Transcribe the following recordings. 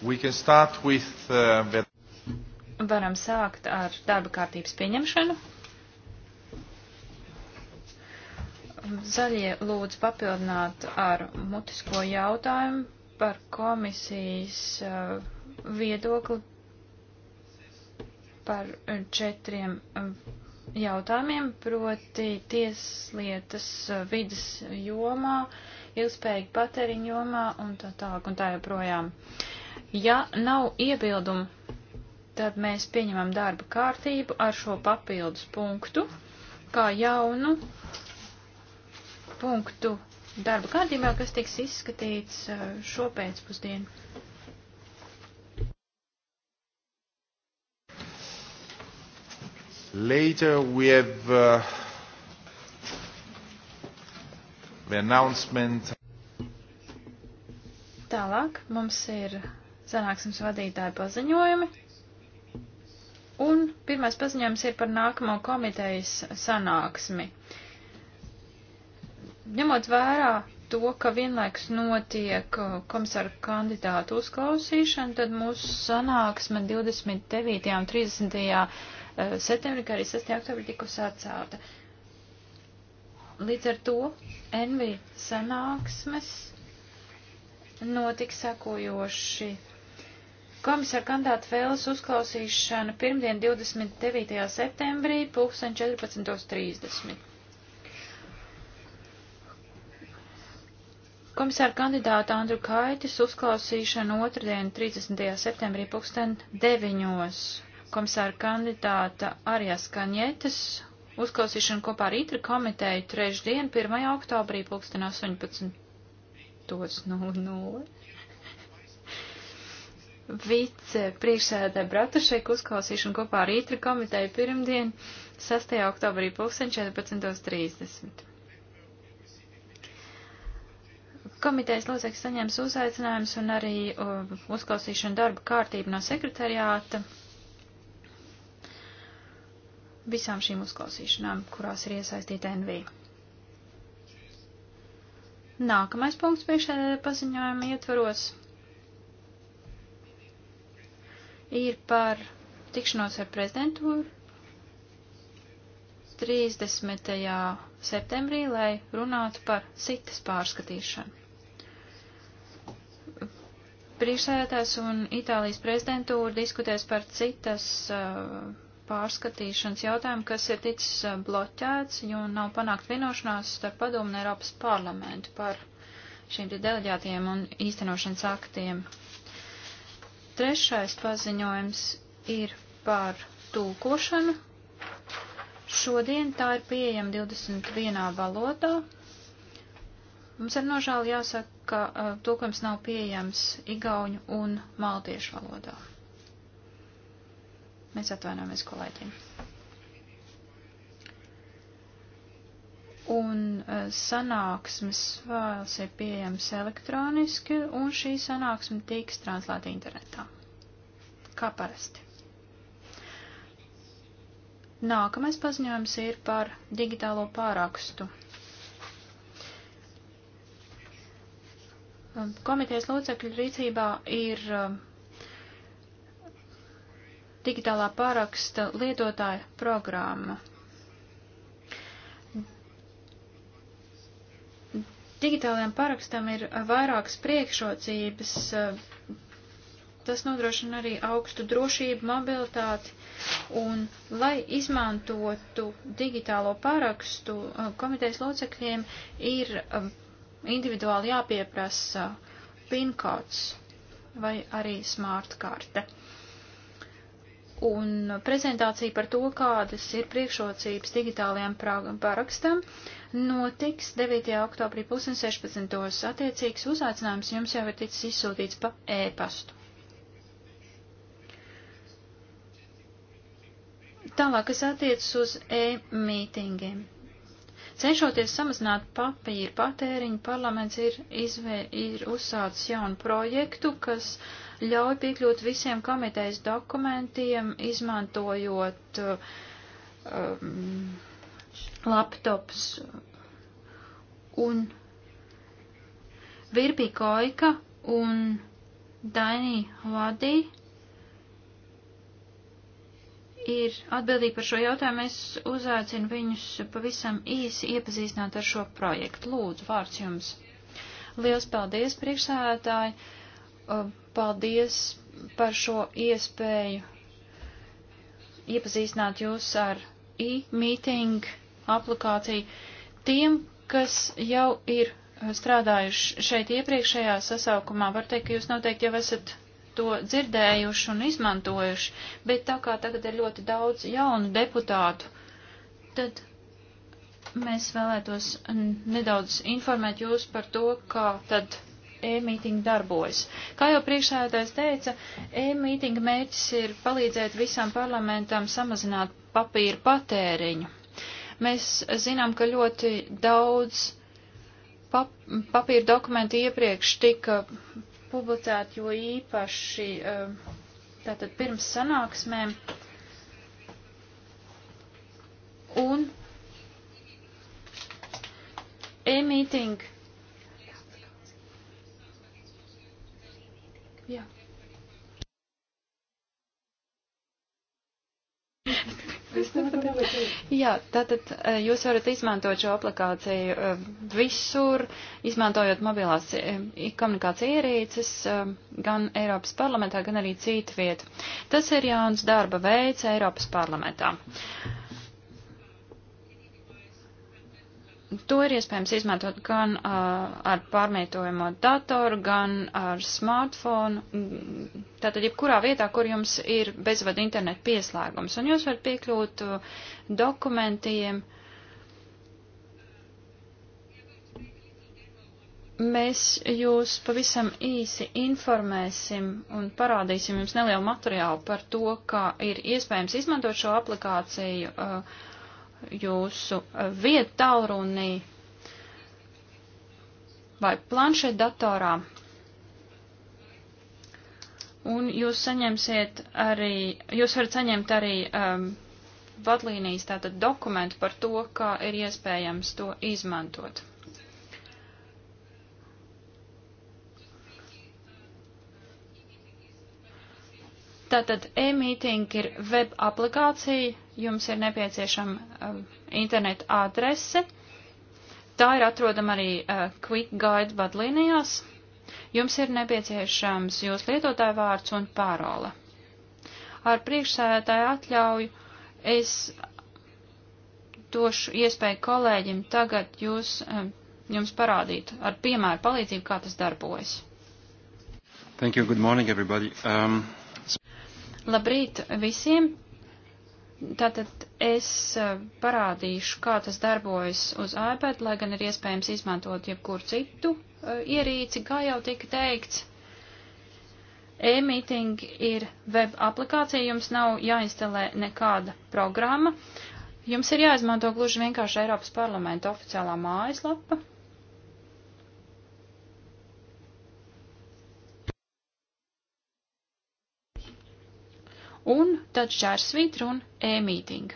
With, uh, Varam sākt ar darba kārtības pieņemšanu. Zaļie lūdz papildināt ar mutisko jautājumu par komisijas uh, viedokli par uh, četriem uh, jautājumiem, proti tieslietas uh, vidas jomā, ilgspējīgi patēriņu jomā un tā tālāk un tā joprojām. Uh, Ja nav iebildumu, tad mēs pieņemam darba kārtību ar šo papildus punktu, kā jaunu punktu darba kārtībā, kas tiks izskatīts uh, šo pēcpusdienu. Later we have uh, the announcement. Tālāk mums ir sanāksmes vadītāja paziņojumi. Un pirmais paziņojums ir par nākamo komitejas sanāksmi. Ņemot vērā to, ka vienlaiks notiek uh, komisāra kandidātu uzklausīšana, tad mūsu sanāksme 29. un 30. Uh, septembrī, kā arī 6. oktobrī tikus atcelta. Līdz ar to NV sanāksmes notiks sakojoši Komisāra kandidāta Fēles uzklausīšana pirmdien 29. septembrī 14.30. Komisāra kandidāta Andru Kaitis uzklausīšana otrdien 30. septembrī 2009. Komisāra kandidāta Arijas Kaņetes uzklausīšana kopā ar Itri komiteju trešdien 1. oktobrī 2018. 00 vice priekšsēdē Bratušeku uzklausīšanu kopā ar Ītri komiteju pirmdien, 6. oktobrī 14.30. Komitejas locekļi saņems uzaicinājumus un arī uh, uzklausīšanu darba kārtību no sekretariāta visām šīm uzklausīšanām, kurās ir iesaistīta NV. Nākamais punkts priekšsēdē paziņojuma ietvaros ir par tikšanos ar prezidentūru 30. septembrī, lai runātu par sitas pārskatīšanu. Priekšsēdētājs un Itālijas prezidentūra diskutēs par citas uh, pārskatīšanas jautājumu, kas ir ticis uh, bloķēts, jo nav panākt vienošanās starp padomu un Eiropas parlamentu par šiem te deleģētiem un īstenošanas aktiem. Trešais paziņojums ir par tulkošanu. Šodien tā ir pieejama 21. valodā. Mums ar nožēlu jāsaka, ka uh, tulkojums nav pieejams igauņu un maltiešu valodā. Mēs atvainojamies kolēģiem. un e, sanāksmes vēls ir pieejams elektroniski, un šī sanāksme tiks translēta internetā. Kā parasti. Nākamais paziņojums ir par digitālo pārakstu. E, komitejas locekļu rīcībā ir e, digitālā pāraksta lietotāja programma. Digitālajiem parakstam ir eh, vairākas priekšrocības. Eh, tas nodrošina arī augstu drošību, mobilitāti, un, lai izmantotu digitālo parakstu, eh, komitejas locekļiem ir individuāli jāpieprasa pinkods vai arī smartkarte. Un prezentācija par to, kādas ir priekšrocības digitālajiem parakstam. Uh, notiks 9. oktobrī 2016. Attiecīgs uzaicinājums jums jau ir ticis izsūtīts pa e-pastu. Tālāk, kas attiecas uz e-mītingiem. Cenšoties samazināt papīru patēriņu, parlaments ir, izvē, ir uzsācis jaunu projektu, kas ļauj piekļūt visiem komitejas dokumentiem, izmantojot um, laptops un Virbi Koika un Dainī Vadī ir atbildīgi par šo jautājumu. Es uzaicinu viņus pavisam īsi iepazīstināt ar šo projektu. Lūdzu, vārds jums. Liels paldies, priekšsēdētāji. Paldies par šo iespēju iepazīstināt jūs ar e-meeting aplikāciju tiem, kas jau ir uh, strādājuši šeit iepriekšējā sasaukumā. Var teikt, ka jūs noteikti jau esat to dzirdējuši un izmantojuši, bet tā kā tagad ir ļoti daudz jaunu deputātu, tad mēs vēlētos nedaudz informēt jūs par to, kā tad e-mītinga darbojas. Kā jau priekšsēdētājs teica, e-mītinga mērķis ir palīdzēt visam parlamentam samazināt papīra patēriņu. Mēs zinām, ka ļoti daudz pap papīra dokumentu iepriekš tika publicēti, jo īpaši eh, tātad pirms sanāksmēm. Un e-meeting. Jā. Jā, tātad eh, jūs varat izmantot šo aplikāciju eh, visur, izmantojot mobilās eh, komunikācija ierīces gan Eiropas parlamentā, gan arī citu vietu. Tas ir jauns darba veids Eiropas parlamentā. Uh, To ir iespējams izmantot gan uh, ar pārmietojamo datoru, gan ar smartphonu, tātad jebkurā vietā, kur jums ir bezvada interneta pieslēgums, un jūs varat piekļūt uh, dokumentiem. Mēs jūs pavisam īsi informēsim un parādīsim jums nelielu materiālu par to, kā ir iespējams izmantot šo aplikāciju. Uh, jūsu eh, vietu taurunī vai planšetdatorā. Un jūs saņemsiet arī, jūs varat saņemt arī um, vadlīnijas, tātad dokumentu par to, kā ir iespējams to izmantot. Tātad e-meeting ir web aplikācija, jums ir nepieciešama um, interneta adrese. Tā ir atrodama arī uh, Quick Guide vadlīnijās. Jums ir nepieciešams jūs lietotāja vārds un pārola. Ar priekšsēdētāju atļauju es došu iespēju kolēģim tagad jūs, um, jums parādīt ar piemēru palīdzību, kā tas darbojas. Thank you. Good morning, everybody. Um... Labrīt visiem! Tātad es eh, parādīšu, kā tas darbojas uz iPad, lai gan ir iespējams izmantot jebkuru citu eh, ierīci, kā jau tika teikts. E-meeting ir web aplikācija, jums nav jāinstalē nekāda programma. Jums ir jāizmanto gluži vienkārši Eiropas parlamenta oficiālā mājaslapa, un tad šķērsvītra un e-mīting.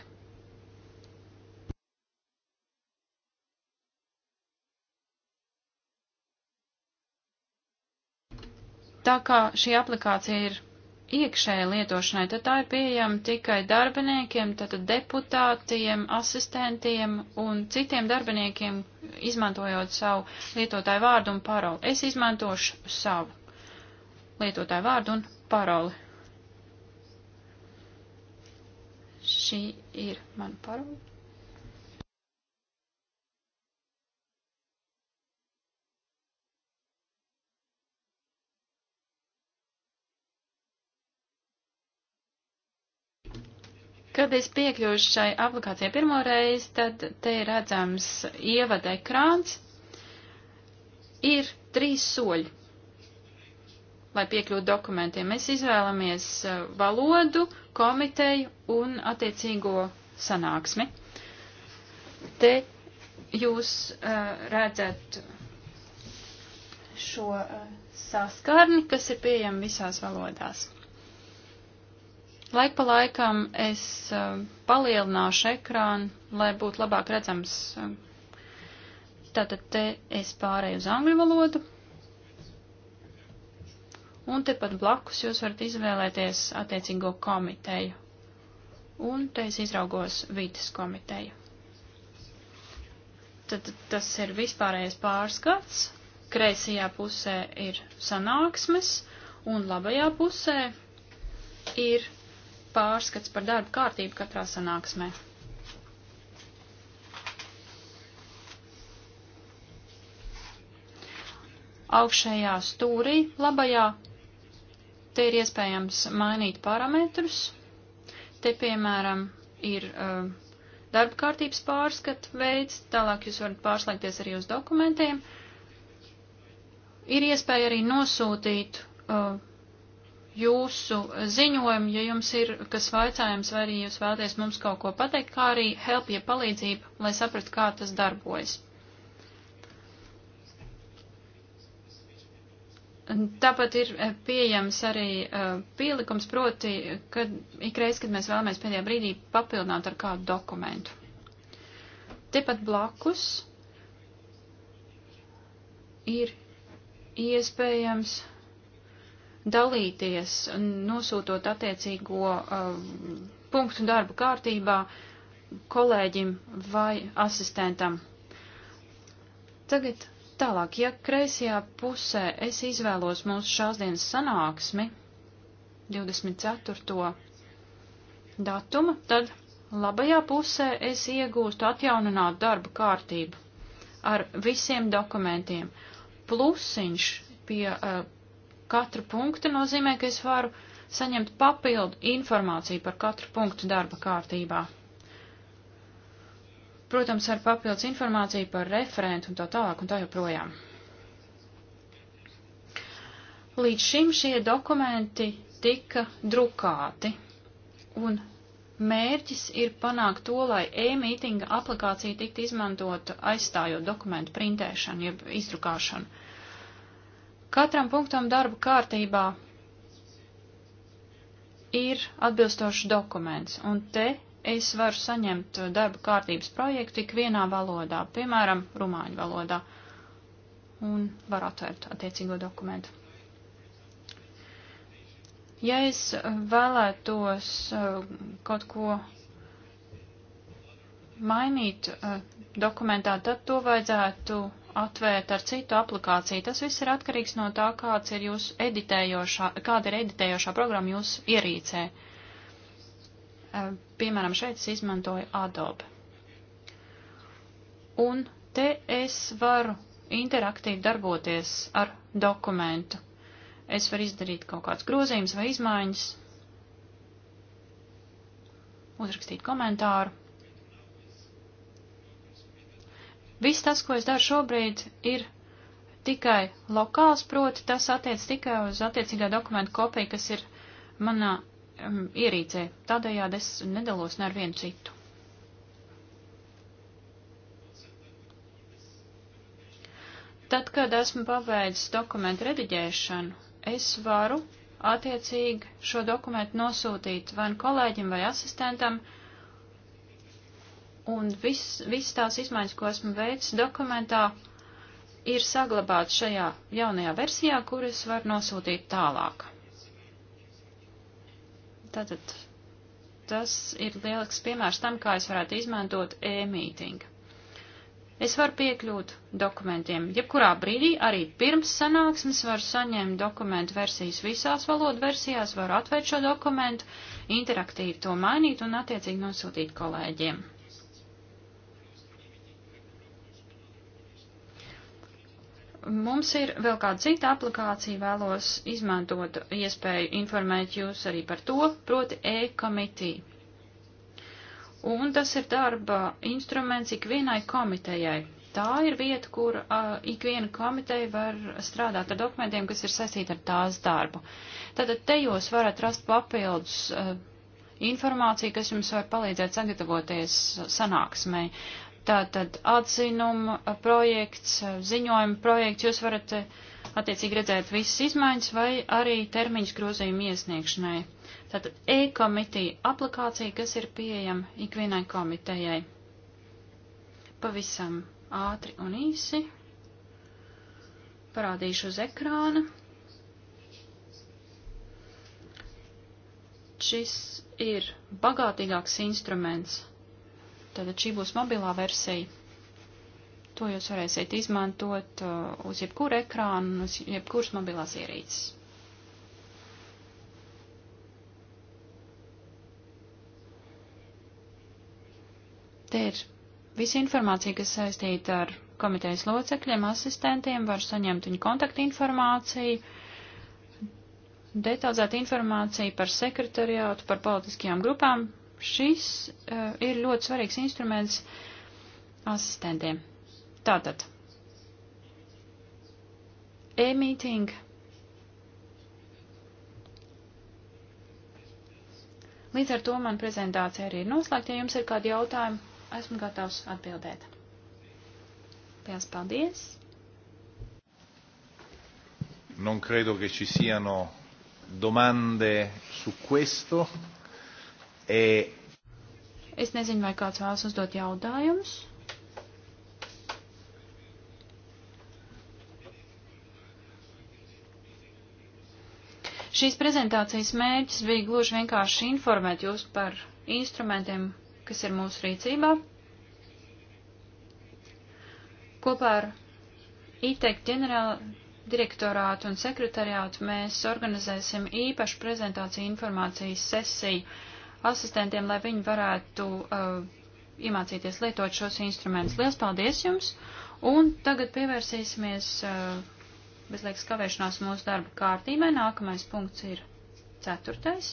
Tā kā šī aplikācija ir iekšēji lietošanai, tad tā ir pieejama tikai darbiniekiem, tātad deputātiem, asistentiem un citiem darbiniekiem, izmantojot savu lietotāju vārdu un paroli. Es izmantošu savu lietotāju vārdu un paroli. Šī ir mana parole. Kad es piekļuvu šai aplikācijai pirmo reizi, tad te ir redzams ievada ekrāns. Ir trīs soļi lai piekļūtu dokumentiem. Mēs izvēlamies uh, valodu, komiteju un attiecīgo sanāksmi. Te jūs uh, redzat šo uh, saskarni, kas ir pieejama visās valodās. Laik pa laikam es uh, palielināšu ekrānu, lai būtu labāk redzams. Uh, Tātad te es pārēju uz angļu valodu un tepat blakus jūs varat izvēlēties attiecīgo komiteju. Un te es izraugos vidas komiteju. Tad tas ir vispārējais pārskats. Kreisajā pusē ir sanāksmes, un labajā pusē ir pārskats par darbu kārtību katrā sanāksmē. Augšējā stūrī labajā Te ir iespējams mainīt parametrus. Te, piemēram, ir uh, darba kārtības pārskata veids, tālāk jūs varat pārslēgties arī uz dokumentiem. Ir iespēja arī nosūtīt uh, jūsu ziņojumu, ja jums ir kas vaicājums, vai arī jūs vēlaties mums kaut ko pateikt, kā arī help, ja palīdzību, lai saprastu, kā tas darbojas. Tāpat ir eh, pieejams arī eh, pielikums, proti, kad ikreiz, kad mēs vēlamies pēdējā brīdī papildināt ar kādu dokumentu. Tepat blakus ir iespējams dalīties, nosūtot attiecīgo um, punktu darbu kārtībā kolēģim vai asistentam. Tagad Tālāk, ja kreisajā pusē es izvēlos mūsu šāsdienas sanāksmi, 24. datuma, tad labajā pusē es iegūstu atjauninātu darba kārtību ar visiem dokumentiem. Plusiņš pie uh, katra punkta nozīmē, ka es varu saņemt papildu informāciju par katru punktu darba kārtībā protams, ar papildus informāciju par referentu un tā tālāk un tā joprojām. Līdz šim šie dokumenti tika drukāti, un mērķis ir panākt to, lai e-mītinga aplikācija tiktu izmantota aizstājot dokumentu printēšanu, jeb izdrukāšanu. Katram punktam darba kārtībā ir atbilstošs dokuments, un te es varu saņemt darba kārtības projektu tik vienā valodā, piemēram, rumāņu valodā, un varu atvērt attiecīgo dokumentu. Ja es vēlētos uh, kaut ko mainīt uh, dokumentā, tad to vajadzētu atvērt ar citu aplikāciju. Tas viss ir atkarīgs no tā, kāds ir jūsu editējošā, kāda ir editējošā programma jūsu ierīcē. Uh, Piemēram, šeit es izmantoju Adobe. Un te es varu interaktīvi darboties ar dokumentu. Es varu izdarīt kaut kāds grozījums vai izmaiņas, uzrakstīt komentāru. Viss tas, ko es daru šobrīd, ir tikai lokāls, proti tas attiec tikai uz attiecīgā dokumentu kopiju, kas ir manā um, ierīcē. Tādējādi es nedalos ne ar vienu citu. Tad, kad esmu pabeidzis dokumentu rediģēšanu, es varu attiecīgi šo dokumentu nosūtīt vai nu kolēģim vai asistentam, un viss vis tās izmaiņas, ko esmu veicis dokumentā, ir saglabāts šajā jaunajā versijā, kuras var nosūtīt tālāk. Tātad tas ir lielisks piemērs tam, kā es varētu izmantot e-mītingu. Es varu piekļūt dokumentiem. Jebkurā brīdī, arī pirms sanāksmes, varu saņemt dokumentu versijas visās valodu versijās, varu atvērt šo dokumentu, interaktīvi to mainīt un attiecīgi nosūtīt kolēģiem. Mums ir vēl kāda cita aplikācija, vēlos izmantot iespēju informēt jūs arī par to, proti e-komitī. Un tas ir darba instruments ikvienai komitejai. Tā ir vieta, kur uh, ikviena komiteja var strādāt ar dokumentiem, kas ir saistīti ar tās darbu. Tātad te jūs varat rast papildus uh, informāciju, kas jums var palīdzēt sagatavoties sanāksmai. Uh, Tātad atzinuma projekts, ziņojuma projekts, jūs varat eh, attiecīgi redzēt visas izmaiņas vai arī termiņus grozījuma iesniegšanai. Tātad e-komitīja aplikācija, kas ir pieejama ikvienai komitejai. Pavisam ātri un īsi. Parādīšu uz ekrāna. Šis ir bagātīgāks instruments Tad šī būs mobilā versija. To jūs varēsiet izmantot uh, uz jebkuru ekrānu, uz jebkuras mobilās ierīces. Te ir visa informācija, kas saistīta ar komitejas locekļiem, asistentiem, var saņemt viņu kontaktinformāciju, detalizētu informāciju par sekretariātu, par politiskajām grupām, Šis uh, ir ļoti svarīgs instruments asistentiem. Tātad, e-meeting Līdz ar to man prezentācija arī ir noslēgta. Ja jums ir kādi jautājumi, esmu gatavs atbildēt. Lielas paldies! Non credo che ci siano domande su questo. E... Es nezinu, vai kāds vēlas uzdot jautājumus. Šīs prezentācijas mērķis bija gluži vienkārši informēt jūs par instrumentiem, kas ir mūsu rīcībā. Kopā ar ITEK ģenerāla direktorātu un sekretariātu mēs organizēsim īpašu prezentāciju informācijas sesiju asistentiem, lai viņi varētu uh, iemācīties lietot šos instrumentus. Lielas paldies jums! Un tagad pievērsīsimies uh, bezliekas kavēšanās mūsu darba kārtībai. Nākamais punkts ir ceturtais.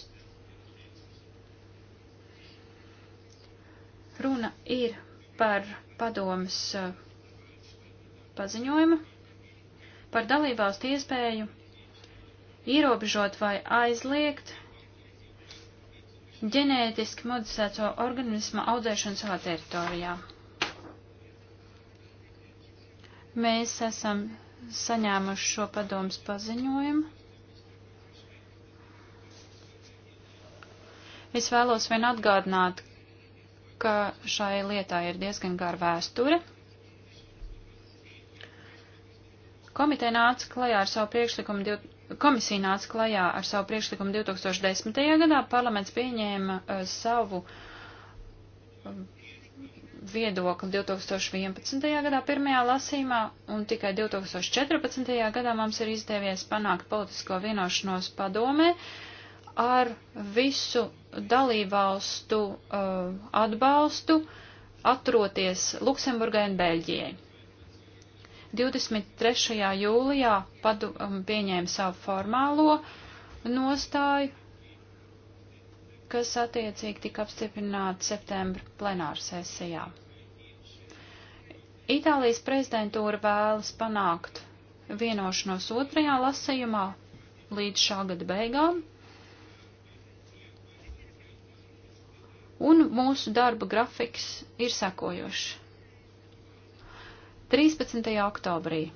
Runa ir par padomas uh, paziņojumu par dalībvalstu iespēju ierobežot vai aizliegt ģenētiski modificēto organismu audzēšanu savā teritorijā. Mēs esam saņēmuši šo padomus paziņojumu. Es vēlos vien atgādināt, ka šai lietā ir diezgan gara vēsture. Komiteja nāca klajā ar savu priekšlikumu Komisija nāca klajā ar savu priekšlikumu 2010. gadā, parlaments pieņēma uh, savu uh, viedokli 2011. gadā pirmajā lasīmā, un tikai 2014. gadā mums ir izdevies panākt politisko vienošanos padomē ar visu dalībvalstu uh, atbalstu, atroties Luksemburgai un Beļģijai. 23. jūlijā padu, um, pieņēma savu formālo nostāju, kas attiecīgi tika apstiprināta septembra plenāra sesijā. Itālijas prezidentūra vēlas panākt vienošanos otrajā lasējumā līdz šā gada beigām, un mūsu darba grafiks ir sekojošs. 13. oktobrī.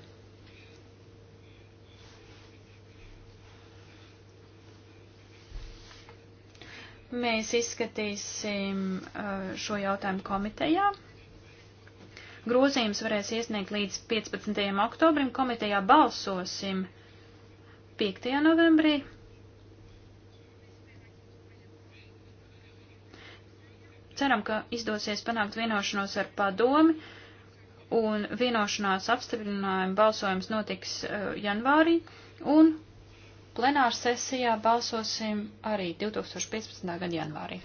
Mēs izskatīsim uh, šo jautājumu komitejā. Grozījums varēs iesniegt līdz 15. oktobrim. Komitejā balsosim 5. novembrī. Ceram, ka izdosies panākt vienošanos ar padomi. Uh, un vienošanās apstiprinājuma balsojums notiks uh, janvārī, un plenāra sesijā balsosim arī 2015. gada janvārī.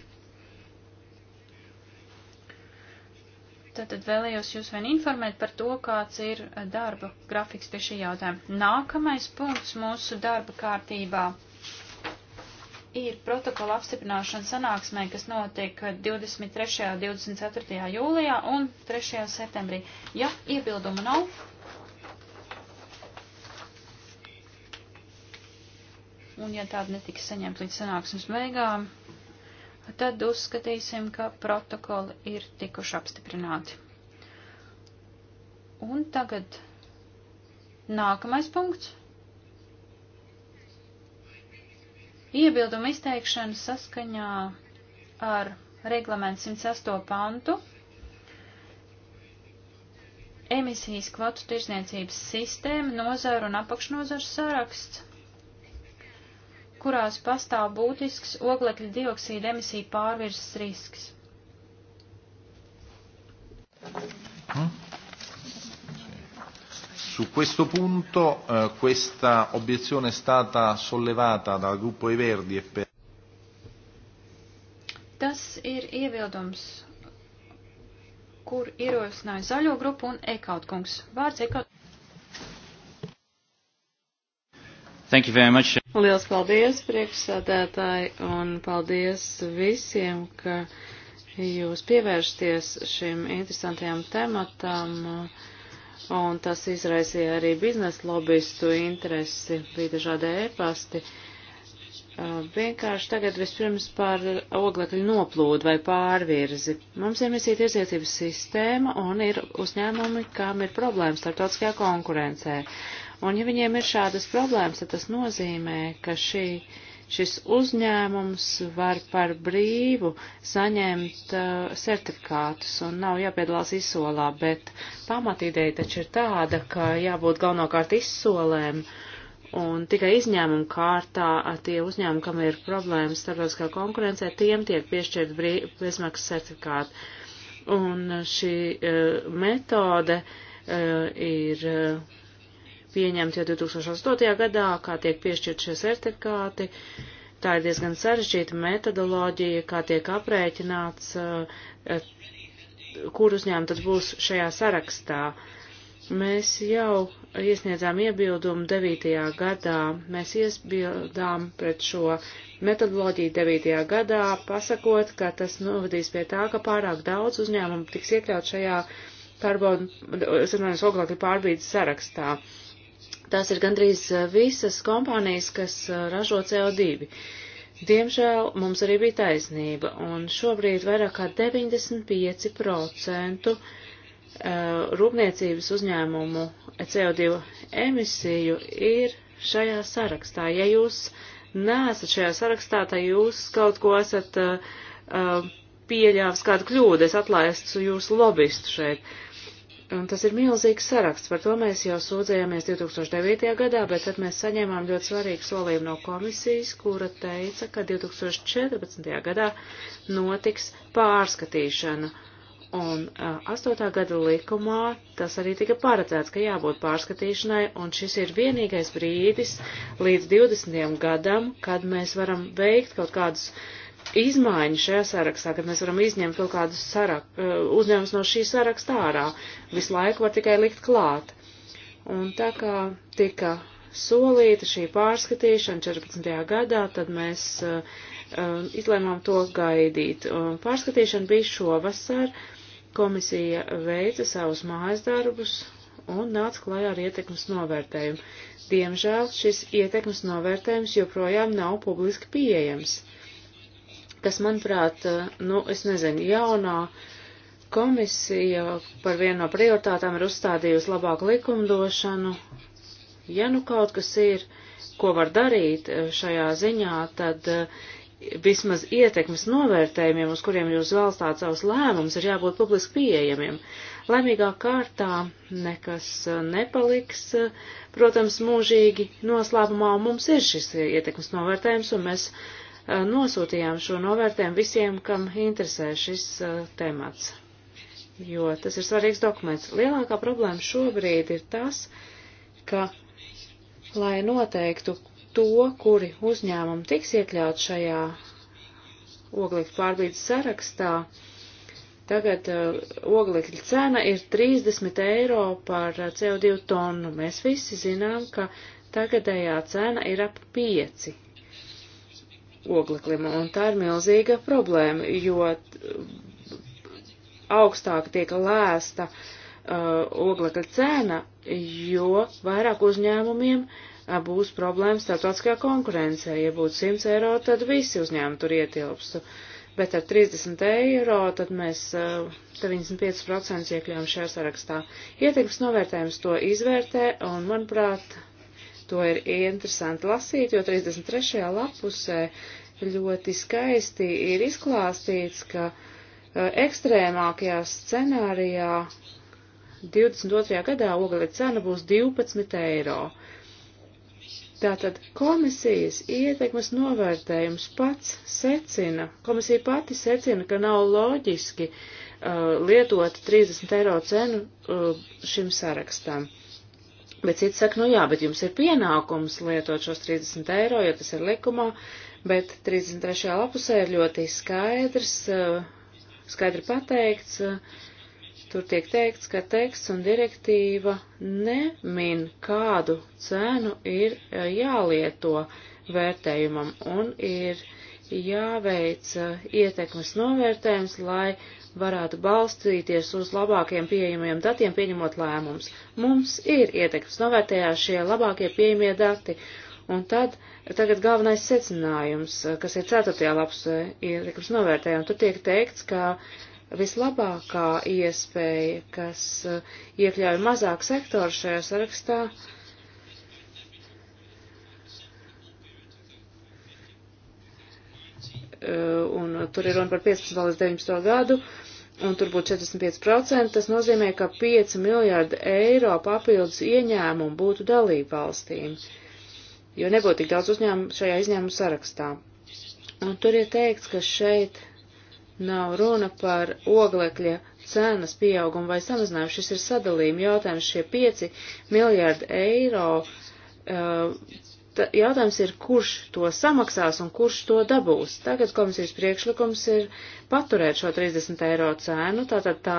Tātad vēlējos jūs vien informēt par to, kāds ir darba grafiks pie šī jautājuma. Nākamais punkts mūsu darba kārtībā ir protokola apstiprināšana sanāksmē, kas notiek 23. un 24. jūlijā un 3. septembrī. Ja iebildumu nav, un ja tāda netiks saņemta līdz sanāksmes beigām, tad uzskatīsim, ka protokoli ir tikuši apstiprināti. Un tagad nākamais punkts. Iebildumu izteikšana saskaņā ar reglamentu 108 pantu emisijas kvotu tirsniecības sistēma, nozaru un apakšnozaru saraksts, kurās pastāv būtisks oglekļa dioksīda emisija pārvirzes risks. Su questo punto eh, questa obiezione è stata sollevata dal gruppo I Verdi e per... Tas ir ievildums, kur ierosināja zaļo grupu un Ekaut kungs. Vārds Ekaut. Thank you very much. Liels paldies, priekšsādētāji, un paldies visiem, ka jūs pievēršties šim interesantajam tematam. Uh, un tas izraisīja arī biznesa lobbyistu interesi, bija dažādi ēpasti. Vienkārši tagad vispirms par oglekļu noplūdu vai pārvirzi. Mums ir misija tirzniecības sistēma un ir uzņēmumi, kam ir problēmas starptautiskajā konkurencē. Un ja viņiem ir šādas problēmas, tad tas nozīmē, ka šī uh, šis uzņēmums var par brīvu saņemt uh, certifikātus un nav jāpiedalās izsolā, bet pamatīdeja taču ir tāda, ka jābūt galvenokārt izsolēm. Un tikai izņēmuma kārtā tie uzņēmumi, kam ir problēmas starptautiskā konkurencē, tiem tiek piešķirt bezmaksas certifikāti. Un šī uh, metode uh, ir uh, pieņemti jau 2008. gadā, kā tiek piešķirt šie sertifikāti. Tā ir diezgan sarežģīta metodoloģija, kā tiek aprēķināts, eh, eh, kur uzņēmumi tad būs šajā sarakstā. Mēs jau iesniedzām iebildumu 9. gadā. Mēs iesbildām pret šo metodoloģiju 9. gadā, pasakot, ka tas novadīs pie tā, ka pārāk daudz uzņēmumu tiks iekļaut šajā karbonu, es runāju, oglekļa pārbīdes sarakstā. Uh, Tās ir gandrīz visas kompānijas, kas ražo CO2. Diemžēl mums arī bija taisnība, un šobrīd vairāk kā 95% rūpniecības uzņēmumu CO2 emisiju ir šajā sarakstā. Ja jūs neesat šajā sarakstā, tad jūs kaut ko esat uh, pieļāvis kādu kļūdu, es atlaistu jūs lobistu šeit. Uh, Un tas ir milzīgs saraksts, par to mēs jau sūdzējāmies 2009. gadā, bet tad mēs saņēmām ļoti svarīgu solījumu no komisijas, kura teica, ka 2014. gadā notiks pārskatīšana. Un uh, 8. gada likumā tas arī tika paredzēts, ka jābūt pārskatīšanai, un šis ir vienīgais brīdis līdz 20. gadam, kad mēs varam veikt kaut kādus uh, izmaiņu šajā sarakstā, kad mēs varam izņemt kaut kādus sarak, eh, uzņēmumus no šī saraksta ārā. Visu laiku var tikai likt klāt. Un tā kā tika solīta šī pārskatīšana 14. gadā, tad mēs uh, izlēmām to gaidīt. Un pārskatīšana bija šovasar, komisija veica savus mājas darbus un nāca klajā ar ietekmes novērtējumu. Diemžēl šis ietekmes novērtējums joprojām nav publiski pieejams. Uh, kas, manuprāt, nu, es nezinu, jaunā komisija par vienu no prioritātām ir uzstādījusi labāku likumdošanu. Ja nu kaut kas ir, ko var darīt eh, šajā ziņā, tad eh, vismaz ietekmes novērtējumiem, uz kuriem jūs valstāt savus lēmumus, ir jābūt publiski pieejamiem. Laimīgā kārtā nekas eh, nepaliks, protams, mūžīgi noslēpumā mums ir šis ietekmes novērtējums, un mēs uh, Eh, nosūtījām šo novērtējumu visiem, kam interesē šis eh, temats, jo tas ir svarīgs dokuments. Lielākā problēma šobrīd ir tas, ka, lai noteiktu to, kuri uzņēmumi tiks iekļaut šajā oglekļa pārbīdes sarakstā, Tagad uh, oglekļa cena ir 30 eiro par CO2 tonu. Mēs visi zinām, ka tagadējā cena ir ap 5 ogleklim, un tā ir milzīga problēma, jo augstāk tiek lēsta uh, oglekļa cena, jo vairāk uzņēmumiem uh, būs problēmas starptautiskajā konkurencē. Ja būtu 100 eiro, tad visi uzņēmumi tur ietilpstu, bet ar 30 eiro, tad mēs uh, 95% iekļām šajā sarakstā. Ietekmes novērtējums to izvērtē, un, manuprāt, To ir interesanti lasīt, jo 33. lapusē ļoti skaisti ir izklāstīts, ka e, ekstrēmākajā scenārijā 22. gadā ogļu cena būs 12 eiro. Tātad komisijas ietekmes novērtējums pats secina, komisija pati secina, ka nav loģiski uh, lietot 30 eiro cenu uh, šim sarakstam. Bet citi saka, nu jā, bet jums ir pienākums lietot šos 30 eiro, jo tas ir likumā, bet 33. lapusē ir ļoti skaidrs, eh, skaidri pateikts, eh, tur tiek teikts, ka teksts un direktīva nemin, kādu cenu ir eh, jālieto vērtējumam un ir jāveic ietekmes novērtējums, lai varētu balstīties uz labākiem pieejamiem datiem, pieņemot lēmumus. Mums ir ietekmes novērtējā šie labākie pieejamie dati. Un tad tagad galvenais secinājums, kas ir ceturtajā lapsē ietekmes novērtējā, un tur tiek teikts, ka vislabākā iespēja, kas uh, iekļauj mazāk sektoru šajā sarakstā, uh, un tur ir runa par 15 līdz 19 gadu, un tur būtu 45%, tas nozīmē, ka 5 miljārdi eiro papildus ieņēmumu būtu dalību valstīm, jo nebūtu tik daudz uzņēmumu šajā izņēmumu sarakstā. Un tur ir teikts, ka šeit nav runa par oglekļa cenas pieaugumu vai samazinājumu. Šis ir sadalījuma jautājums. Šie 5 miljārdi eiro uh, jautājums ir, kurš to samaksās un kurš to dabūs. Tagad komisijas priekšlikums ir paturēt šo 30 eiro cēnu, tātad tā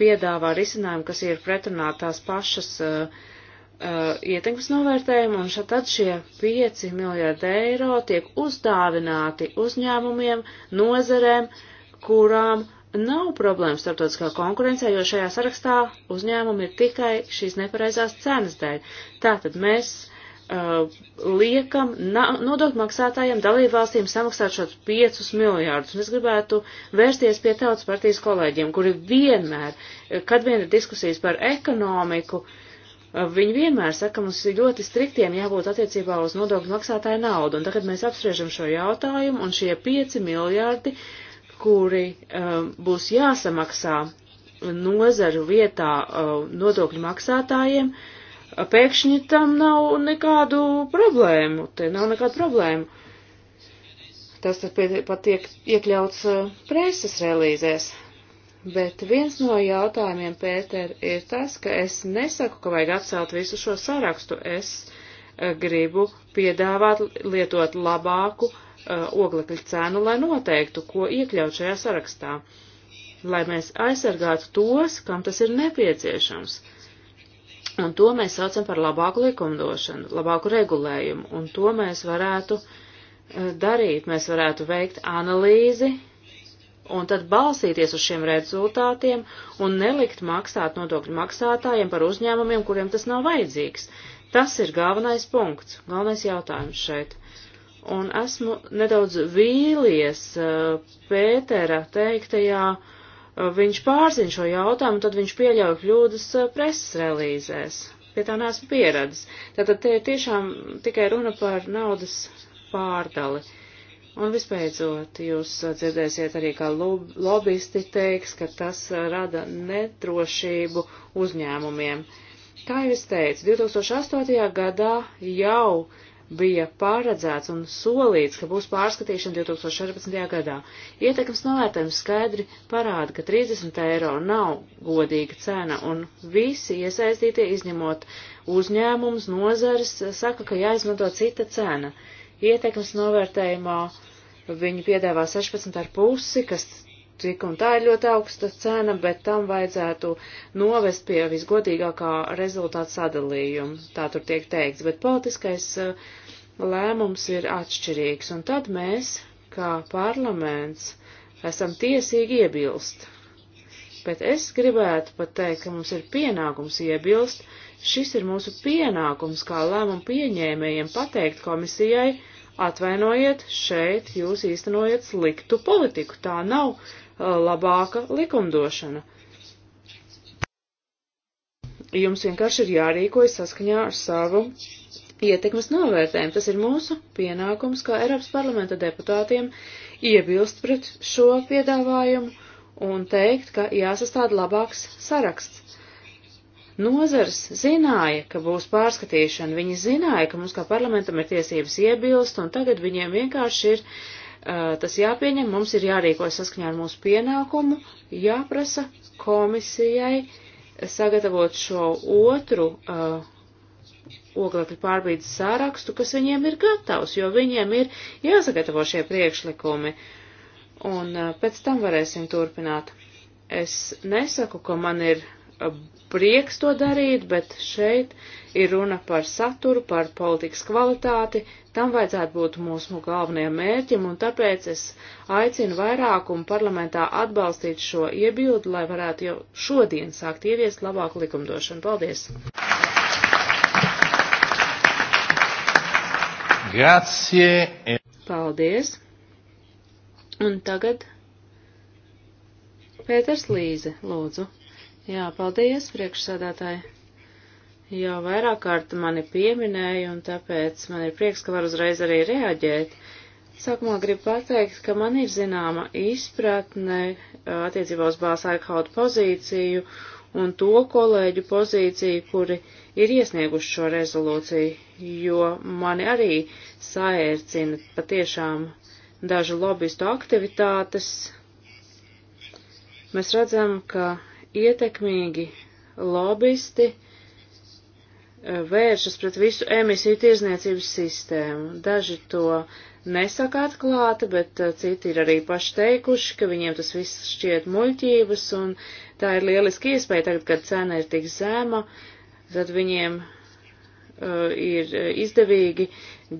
piedāvā risinājumu, kas ir pretrunā tās pašas uh, uh, ietekmes novērtējumu, un tad šie 5 miljārdi eiro tiek uzdāvināti uzņēmumiem, nozerēm, kurām nav problēmas starptautiskā konkurencē, jo šajā sarakstā uzņēmumi ir tikai šīs nepareizās cenas dēļ. Tātad mēs uh, uh, liekam nodokļu maksātājiem dalībvalstīm samaksāt šos 5 miljārdus. Un es gribētu vērsties pie tautas partijas kolēģiem, kuri vienmēr, kad vien ir diskusijas par ekonomiku, uh, viņi vienmēr saka, mums ļoti striktiem jābūt attiecībā uz nodokļu maksātāju naudu. Un tagad mēs apspriežam šo jautājumu, un šie 5 miljārdi, kuri um, uh, būs jāsamaksā nozaru vietā uh, nodokļu maksātājiem, uh, pēkšņi tam nav nekādu problēmu, te nav nekādu problēmu. Tas pat tiek iekļauts uh, preses relīzēs. Bet viens no jautājumiem, Pēter, ir tas, ka es nesaku, ka vajag atcelt visu šo sarakstu. Es uh, gribu piedāvāt lietot labāku uh, oglekļa cenu, lai noteiktu, ko iekļaut šajā sarakstā, lai mēs aizsargātu tos, kam tas ir nepieciešams. Uh, Un to mēs saucam par labāku likumdošanu, labāku regulējumu, un to mēs varētu eh, darīt. Mēs varētu veikt analīzi un tad balsīties uz šiem rezultātiem un nelikt maksāt nodokļu maksātājiem par uzņēmumiem, kuriem tas nav vajadzīgs. Tas ir galvenais punkts, galvenais jautājums šeit. Un esmu nedaudz vīlies eh, Pētera teiktajā. Ja Uh, viņš pārziņ šo jautājumu, tad viņš pieļauj kļūdas uh, preses relīzēs. Pie tā neesmu pieradis. Tātad te ir tiešām tikai runa par naudas pārdali. Un vispēcot, jūs uh, dzirdēsiet arī, kā lob lobbyisti teiks, ka tas rada nedrošību uzņēmumiem. Kā jau es teicu, 2008. gadā jau uh, bija paredzēts un solīts, ka būs pārskatīšana 2014. gadā. Ietekmes novērtējums skaidri parāda, ka 30 eiro nav godīga cena, un visi iesaistītie, izņemot uzņēmums, nozares, saka, ka jāizmanto cita cena. Ietekmes novērtējumā viņi piedāvā 16,5, kas cik un tā ir ļoti augsta cena, bet tam vajadzētu novest pie visgodīgākā rezultāta sadalījuma, tā tur tiek teikts, bet politiskais uh, lēmums ir atšķirīgs, un tad mēs, kā parlaments, esam tiesīgi iebilst. Bet es gribētu pat teikt, ka mums ir pienākums iebilst, šis ir mūsu pienākums kā lēmumu pieņēmējiem pateikt komisijai, atvainojiet, šeit jūs īstenojat sliktu politiku, tā nav Uh, labāka likumdošana. Jums vienkārši ir jārīkojas saskaņā ar savu ietekmes novērtējumu. Tas ir mūsu pienākums kā Eiropas parlamenta deputātiem iebilst pret šo piedāvājumu un teikt, ka jāsastāda labāks saraksts. Nozars zināja, ka būs pārskatīšana, viņi zināja, ka mums kā parlamentam ir tiesības iebilst, un tagad viņiem vienkārši ir Eh, tas jāpieņem, mums ir jārīkojas saskaņā ar mūsu pienākumu, jāprasa komisijai sagatavot šo otru uh, oglekļa pārbīdes sārakstu, kas viņiem ir gatavs, jo viņiem ir jāsagatavo šie priekšlikumi, un uh, pēc tam varēsim turpināt. Es nesaku, ka man ir prieks to darīt, bet šeit ir runa par saturu, par politikas kvalitāti. Tam vajadzētu būt mūsu galvenajam mērķim, un tāpēc es aicinu vairākumu parlamentā atbalstīt šo iebildu, lai varētu jau šodien sākt ieviest labāku likumdošanu. Paldies! Grazie! Paldies! Un tagad Pēters Līze, lūdzu. Jā, paldies, priekšsēdētāji. Jau vairāk kārt mani pieminēja, un tāpēc man ir prieks, ka var uzreiz arī reaģēt. Sākumā gribu pateikt, ka man ir zināma izpratne attiecībā uz Bāzāikautu pozīciju un to kolēģu pozīciju, kuri ir iesnieguši šo rezolūciju, jo mani arī saērcina patiešām dažu lobbyistu aktivitātes. Mēs redzam, ka ietekmīgi lobisti e, vēršas pret visu emisiju tirzniecības sistēmu. Daži to nesaka atklāti, bet e, citi ir arī paši teikuši, ka viņiem tas viss šķiet muļķības, un tā ir lieliski iespēja tagad, kad cena ir tik zema, tad viņiem uh, ir izdevīgi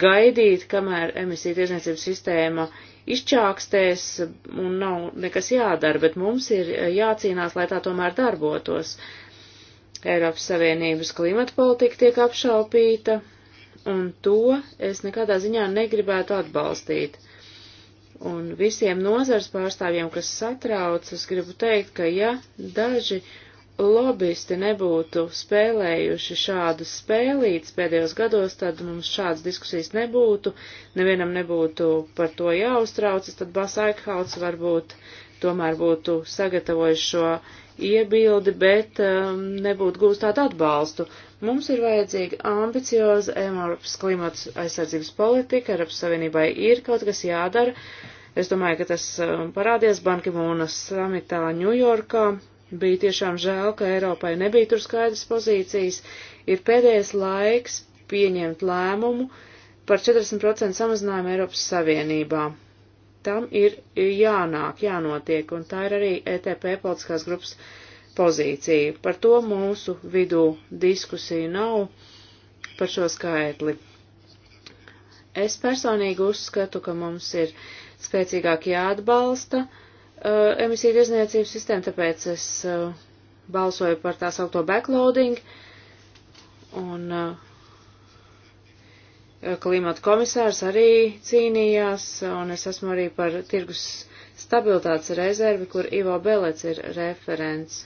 gaidīt, kamēr emisija tirzniecības sistēma izčākstēs un nav nekas jādara, bet mums ir eh, jācīnās, lai tā tomēr darbotos. Eiropas Savienības klimata politika tiek apšaupīta, un to es nekādā ziņā negribētu atbalstīt. Un visiem nozars pārstāvjiem, kas satraucas, gribu teikt, ka ja daži lobbyisti nebūtu spēlējuši šādas spēlītas pēdējos gados, tad mums šādas diskusijas nebūtu, nevienam nebūtu par to jāuztraucas, tad Bas Aikhauts varbūt tomēr būtu sagatavojis šo iebildi, bet um, nebūtu gūst tādu atbalstu. Mums ir vajadzīga ambicioza Eiropas klimats aizsardzības politika, Eiropas Savienībai ir kaut kas jādara. Es domāju, ka tas um, parādījās Bankimūnas samitā Ņujorkā, Bija tiešām žēl, ka Eiropai nebija tur skaidrs pozīcijas. Ir pēdējais laiks pieņemt lēmumu par 40% samazinājumu Eiropas Savienībā. Tam ir jānāk, jānotiek, un tā ir arī ETP politiskās grupas pozīcija. Par to mūsu vidū diskusiju nav par šo skaitli. Es personīgi uzskatu, ka mums ir spēcīgāk jāatbalsta uh, uh, emisiju tirzniecības sistēmu, tāpēc es uh, balsoju par tā saucamo backloading. Un uh, klimata komisārs arī cīnījās, un es esmu arī par tirgus stabilitātes rezervi, kur Ivo Belec ir referents.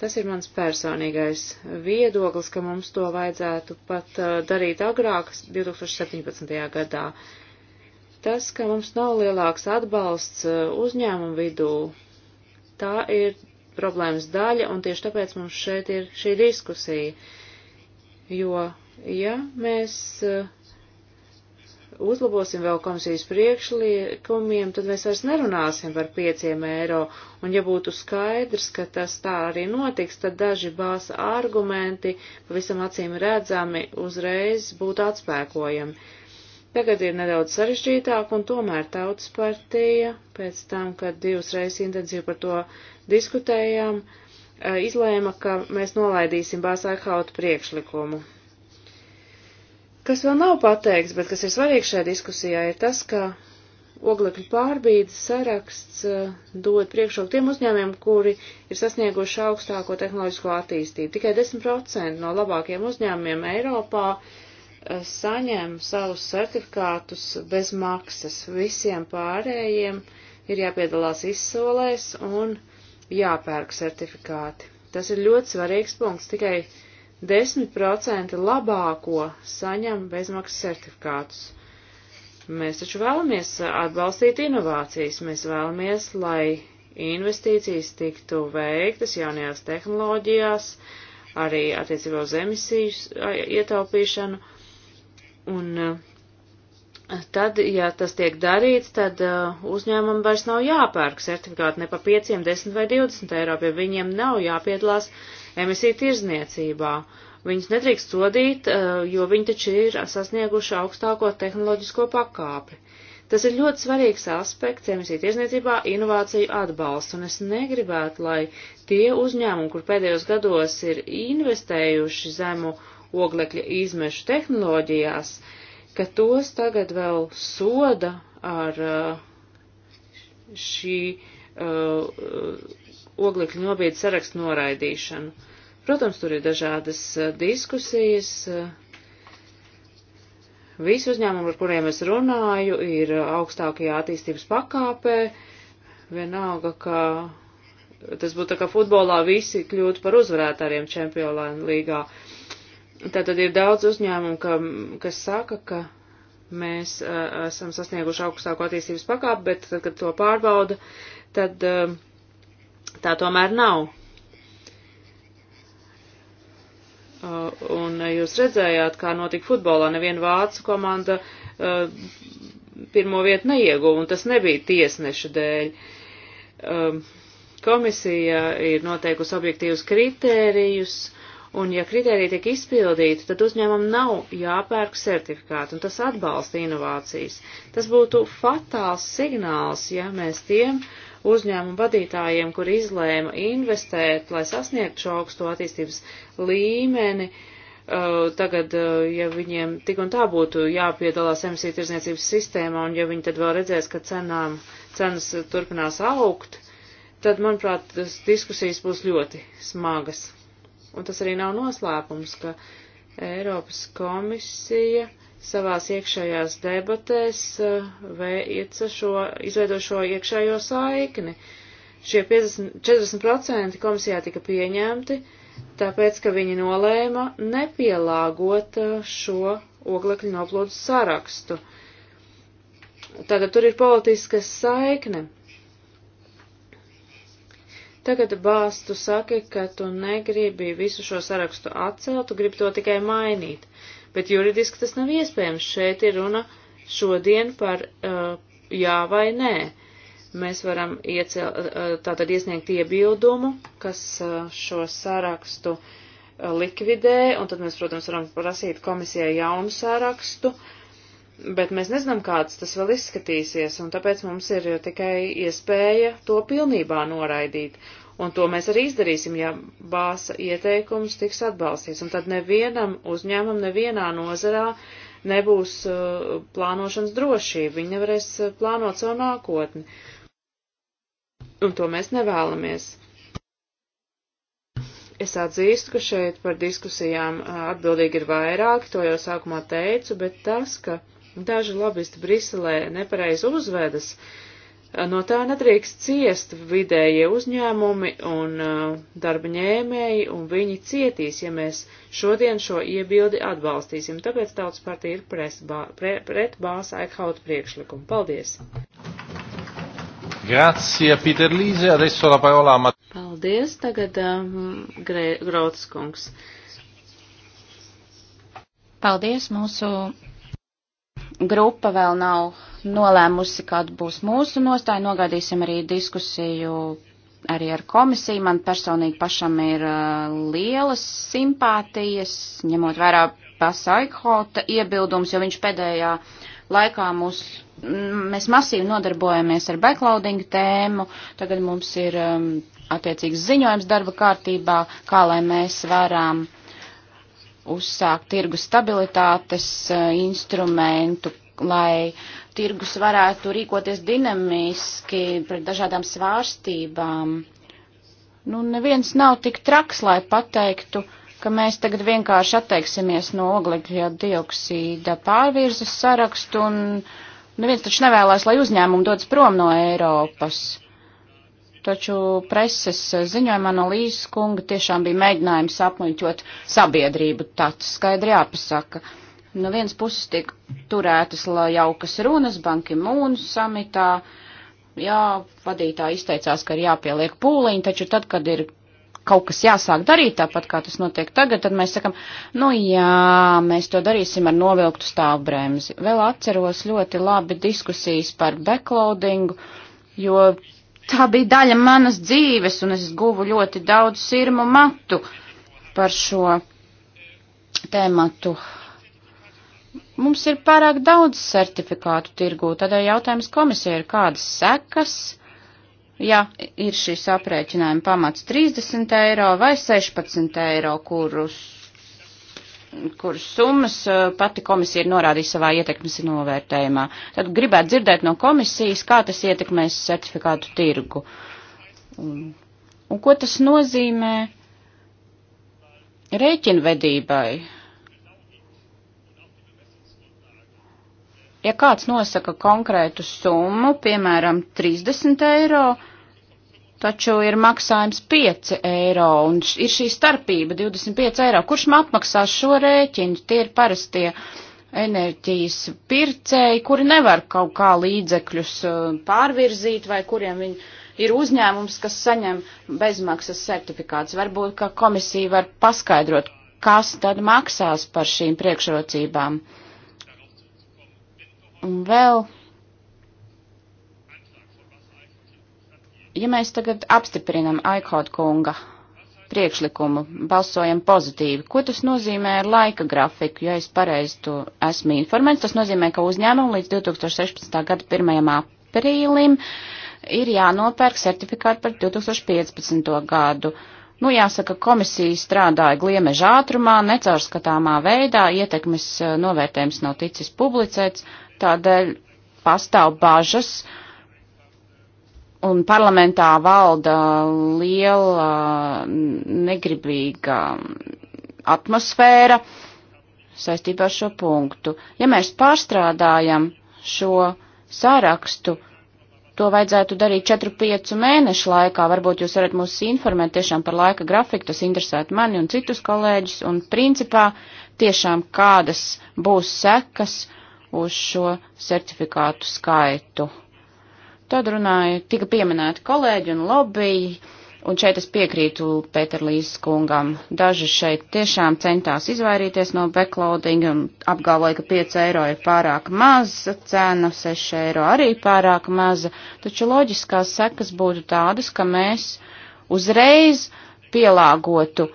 Tas ir mans personīgais viedoklis, ka mums to vajadzētu pat uh, darīt agrāk, 2017. gadā. Uh, Tas, ka mums nav lielāks atbalsts eh, uzņēmumu vidū, tā ir problēmas daļa, un tieši tāpēc mums šeit ir šī diskusija. Jo, ja mēs eh, uzlabosim vēl komisijas priekšlikumiem, tad mēs vairs nerunāsim par pieciem eiro, un ja būtu skaidrs, ka tas tā arī notiks, tad daži bāsa argumenti pavisam acīm redzami uzreiz būtu atspēkojami. Tagad ir nedaudz sarežģītāk, un tomēr tautas partija, pēc tam, kad divas reizes intensīvi par to diskutējām, eh, izlēma, ka mēs nolaidīsim Bāzākhauta priekšlikumu. Kas vēl nav pateikts, bet kas ir svarīgs šajā diskusijā, ir tas, ka oglekļu pārbīdes saraksts eh, dod priekšroku tiem uzņēmiem, kuri ir sasnieguši augstāko tehnoloģisko attīstību. Tikai 10% no labākiem uzņēmiem Eiropā uh, saņem savus certifikātus bez maksas. Visiem pārējiem ir jāpiedalās izsolēs un jāpērk certifikāti. Tas ir ļoti svarīgs punkts. Tikai 10% labāko saņem bezmaksas certifikātus. Mēs taču vēlamies atbalstīt inovācijas, mēs vēlamies, lai investīcijas tiktu veiktas jaunajās tehnoloģijās, arī attiecībā uz emisiju ietaupīšanu Un eh, tad, ja tas tiek darīts, tad eh, uzņēmumam vairs nav jāpērk certifikāti ne pa 5, 10 vai 20 eiro, jo viņiem nav jāpiedalās emisiju tirzniecībā. Viņus nedrīkst sodīt, eh, jo viņi taču ir sasnieguši augstāko tehnoloģisko pakāpi. Tas ir ļoti svarīgs aspekts emisiju tirzniecībā inovāciju atbalsts, un es negribētu, lai tie uzņēmumi, kur pēdējos gados ir investējuši zemu uh, oglekļa izmešu tehnoloģijās, ka tos tagad vēl soda ar uh, šī uh, oglekļa nobieda sarakstu noraidīšanu. Protams, tur ir dažādas uh, diskusijas. Visi uzņēmumi, ar kuriem es runāju, ir augstākajā attīstības pakāpē. Vienalga, ka tas būtu tā kā futbolā visi kļūtu par uzvarētājiem čempionā līgā. Uh, Tātad ir daudz uzņēmumu, ka, kas saka, ka mēs uh, esam sasnieguši augstāko attīstības pakāpi, bet tad, kad to pārbauda, tad uh, tā tomēr nav. Uh, un jūs redzējāt, kā notika futbolā, neviena vācu komanda uh, pirmo vietu neieguva, un tas nebija tiesneša dēļ. Uh, komisija ir noteikusi objektīvus kritērijus, uh, Un ja kriteriji tiek izpildīti, tad uzņēmumam nav jāpērk certifikāti, un tas atbalsta inovācijas. Tas būtu fatāls signāls, ja mēs tiem uzņēmumu vadītājiem, kur izlēma investēt, lai sasniegtu šo augsto attīstības līmeni, uh, tagad, uh, ja viņiem tik un tā būtu jāpiedalās emisiju tirzniecības sistēmā, un ja viņi tad vēl redzēs, ka cenām, cenas turpinās augt, tad, manuprāt, diskusijas būs ļoti smagas. Un tas arī nav noslēpums, ka Eiropas komisija savās iekšējās debatēs eh, veica šo, izveido šo iekšējo saikni. Šie 50, 40% komisijā tika pieņemti, tāpēc, ka viņi nolēma nepielāgot eh, šo oglekļu noplūdu sarakstu. Tātad tur ir politiska saikne. Tagad bāz, tu saki, ka tu negribi visu šo sarakstu atcelt, tu gribi to tikai mainīt. Bet juridiski tas nav iespējams. Šeit ir runa šodien par uh, jā vai nē. Mēs varam iecel, uh, uh tātad iesniegt iebildumu, kas uh, šo sarakstu uh, likvidē, un tad mēs, protams, varam prasīt komisijai jaunu sarakstu. Uh, bet mēs nezinām, kāds tas vēl izskatīsies, un tāpēc mums ir tikai iespēja to pilnībā noraidīt. Un to mēs arī izdarīsim, ja bāsa ieteikums tiks atbalstīts. Un tad nevienam uzņēmumam, nevienā nozarā nebūs uh, plānošanas drošība, viņi nevarēs uh, plānot savu nākotni. Un to mēs nevēlamies. Es atzīstu, ka šeit par diskusijām uh, atbildīgi ir vairāk, to jau sākumā teicu, bet tas, ka daži lobbyisti Briselē nepareizi uzvedas, no tā nedrīkst ciest vidējie uzņēmumi un uh, darba ņēmēji, un viņi cietīs, ja mēs šodien šo iebildi atbalstīsim. Tāpēc Tautas partija ir presbā, pre, pret bāsa Aikhaut priekšlikumu. Paldies! Grazie, Peter Līze. Adesso la parola a Mat Paldies, tagad um, Grotas kungs. Paldies, mūsu grupa vēl nav nolēmusi, kāda būs mūsu nostāja. Nogaidīsim arī diskusiju arī ar komisiju. Man personīgi pašam ir uh, lielas simpātijas, ņemot vērā pasaikhota iebildums, jo viņš pēdējā laikā mūs, mēs masīvi nodarbojamies ar backloading tēmu. Tagad mums ir um, attiecīgs ziņojums darba kārtībā, kā lai mēs varam. Uh, uzsākt tirgus stabilitātes eh, instrumentu, lai tirgus varētu rīkoties dinamiski pret dažādām svārstībām. Nu, neviens nav tik traks, lai pateiktu, ka mēs tagad vienkārši atteiksimies no oglekļa dioksīda pārvirzes sarakstu un neviens taču nevēlas, lai uzņēmumi dodas prom no Eiropas. Taču preses ziņojumā no Līsas kunga tiešām bija mēģinājums apmuļķot sabiedrību, tāds skaidri jāpasaka. No nu, vienas puses tiek turētas jaukas runas Banki Mūnu samitā, jā, vadītāji izteicās, ka ir jāpieliek pūliņi, taču tad, kad ir kaut kas jāsāk darīt tāpat, kā tas notiek tagad, tad mēs sakam, nu jā, mēs to darīsim ar novilktu stāvbremzi. Vēl atceros ļoti labi diskusijas par backloadingu, jo tā bija daļa manas dzīves, un es guvu ļoti daudz sirmu matu par šo tēmatu. Mums ir pārāk daudz certifikātu tirgū, tādēļ jautājums komisija ir kādas sekas, ja ir šīs aprēķinājuma pamats 30 eiro vai 16 eiro, kurus kuras summas eh, pati komisija ir norādījusi savā ietekmes novērtējumā. Tad gribētu dzirdēt no komisijas, kā tas ietekmēs certifikātu tirgu. Un, un ko tas nozīmē rēķinvedībai? Ja kāds nosaka konkrētu summu, piemēram, 30 eiro, taču ir maksājums 5 eiro un ir šī starpība 25 eiro. Kurš man apmaksās šo rēķinu? Tie ir parastie enerģijas pircēji, kuri nevar kaut kā līdzekļus uh, pārvirzīt vai kuriem viņi ir uzņēmums, kas saņem bezmaksas certifikāts. Varbūt, ka komisija var paskaidrot, kas tad maksās par šīm priekšrocībām. Un vēl Ja mēs tagad apstiprinam Aikot kunga priekšlikumu, balsojam pozitīvi, ko tas nozīmē ar laika grafiku, ja es pareizi to esmu informēts, tas nozīmē, ka uzņēmumu līdz 2016. gada 1. aprīlim ir jānopērk certifikāti par 2015. gadu. Nu, jāsaka, komisija strādāja gliemeža ātrumā, necaurskatāmā veidā, ietekmes eh, novērtējums nav ticis publicēts, tādēļ pastāv bažas, uh, un parlamentā valda liela negribīga atmosfēra saistībā ar šo punktu. Ja mēs pārstrādājam šo sārakstu, to vajadzētu darīt 4-5 mēnešu laikā. Varbūt jūs varat mūs informēt tiešām par laika grafiku, tas interesētu mani un citus kolēģus, un principā tiešām kādas būs sekas uz šo certifikātu skaitu. Tad runāja, tika pieminēti kolēģi un lobby, un šeit es piekrītu Pēterlīs kungam. Daži šeit tiešām centās izvairīties no backloadinga un apgalvoja, ka 5 eiro ir pārāk maza cena, 6 eiro arī pārāk maza, taču loģiskās sekas būtu tādas, ka mēs uzreiz pielāgotu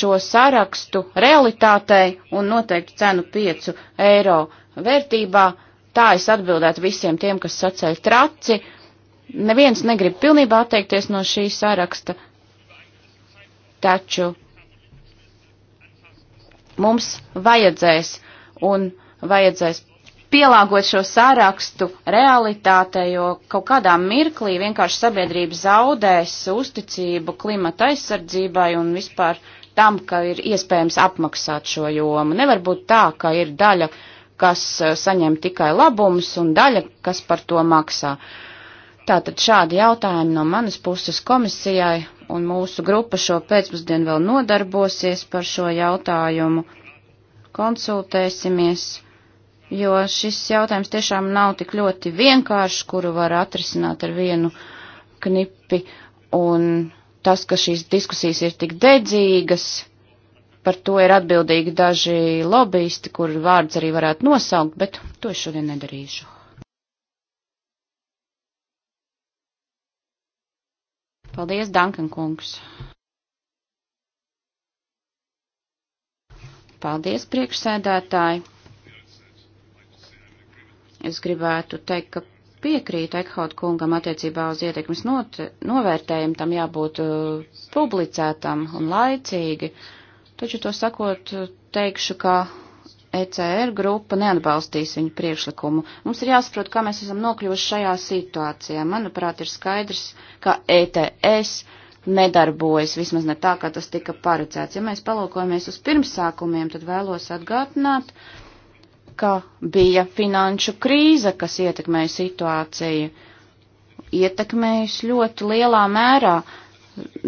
šo sarakstu realitātei un noteiktu cenu 5 eiro vērtībā. Tā es atbildētu visiem tiem, kas saceļ traci Neviens negrib pilnībā atteikties no šī saraksta, taču mums vajadzēs un vajadzēs pielāgot šo sārakstu realitātei, jo kaut kādā mirklī vienkārši sabiedrība zaudēs uzticību klimata aizsardzībai un vispār tam, ka ir iespējams apmaksāt šo jomu. Nevar būt tā, ka ir daļa, kas eh, saņem tikai labumus un daļa, kas par to maksā. Uh, Tātad šādi jautājumi no manas puses komisijai, un mūsu grupa šo pēcpusdienu vēl nodarbosies par šo jautājumu. Konsultēsimies, jo šis jautājums tiešām nav tik ļoti vienkāršs, kuru var atrisināt ar vienu knipi, un tas, ka šīs diskusijas ir tik dedzīgas, par to ir atbildīgi daži lobbyisti, kuru vārds arī varētu nosaukt, bet to es šodien nedarīšu. Paldies, Dankan kungs. Paldies, priekšsēdētāji. Es gribētu teikt, ka piekrītu Ekhaut kungam attiecībā uz ietekmes not, novērtējumu, tam jābūt uh, publicētam un laicīgi, taču to sakot, teikšu, ka ECR grupa neatbalstīs viņu priekšlikumu. Mums ir jāsaprot, kā mēs esam nokļuvuši šajā situācijā. Manuprāt, ir skaidrs, ka ETS nedarbojas, vismaz ne tā, kā tas tika paredzēts. Ja mēs palūkojamies uz pirmsākumiem, tad vēlos atgādināt, ka bija finanšu krīze, kas ietekmēja situāciju, ietekmējusi ļoti lielā mērā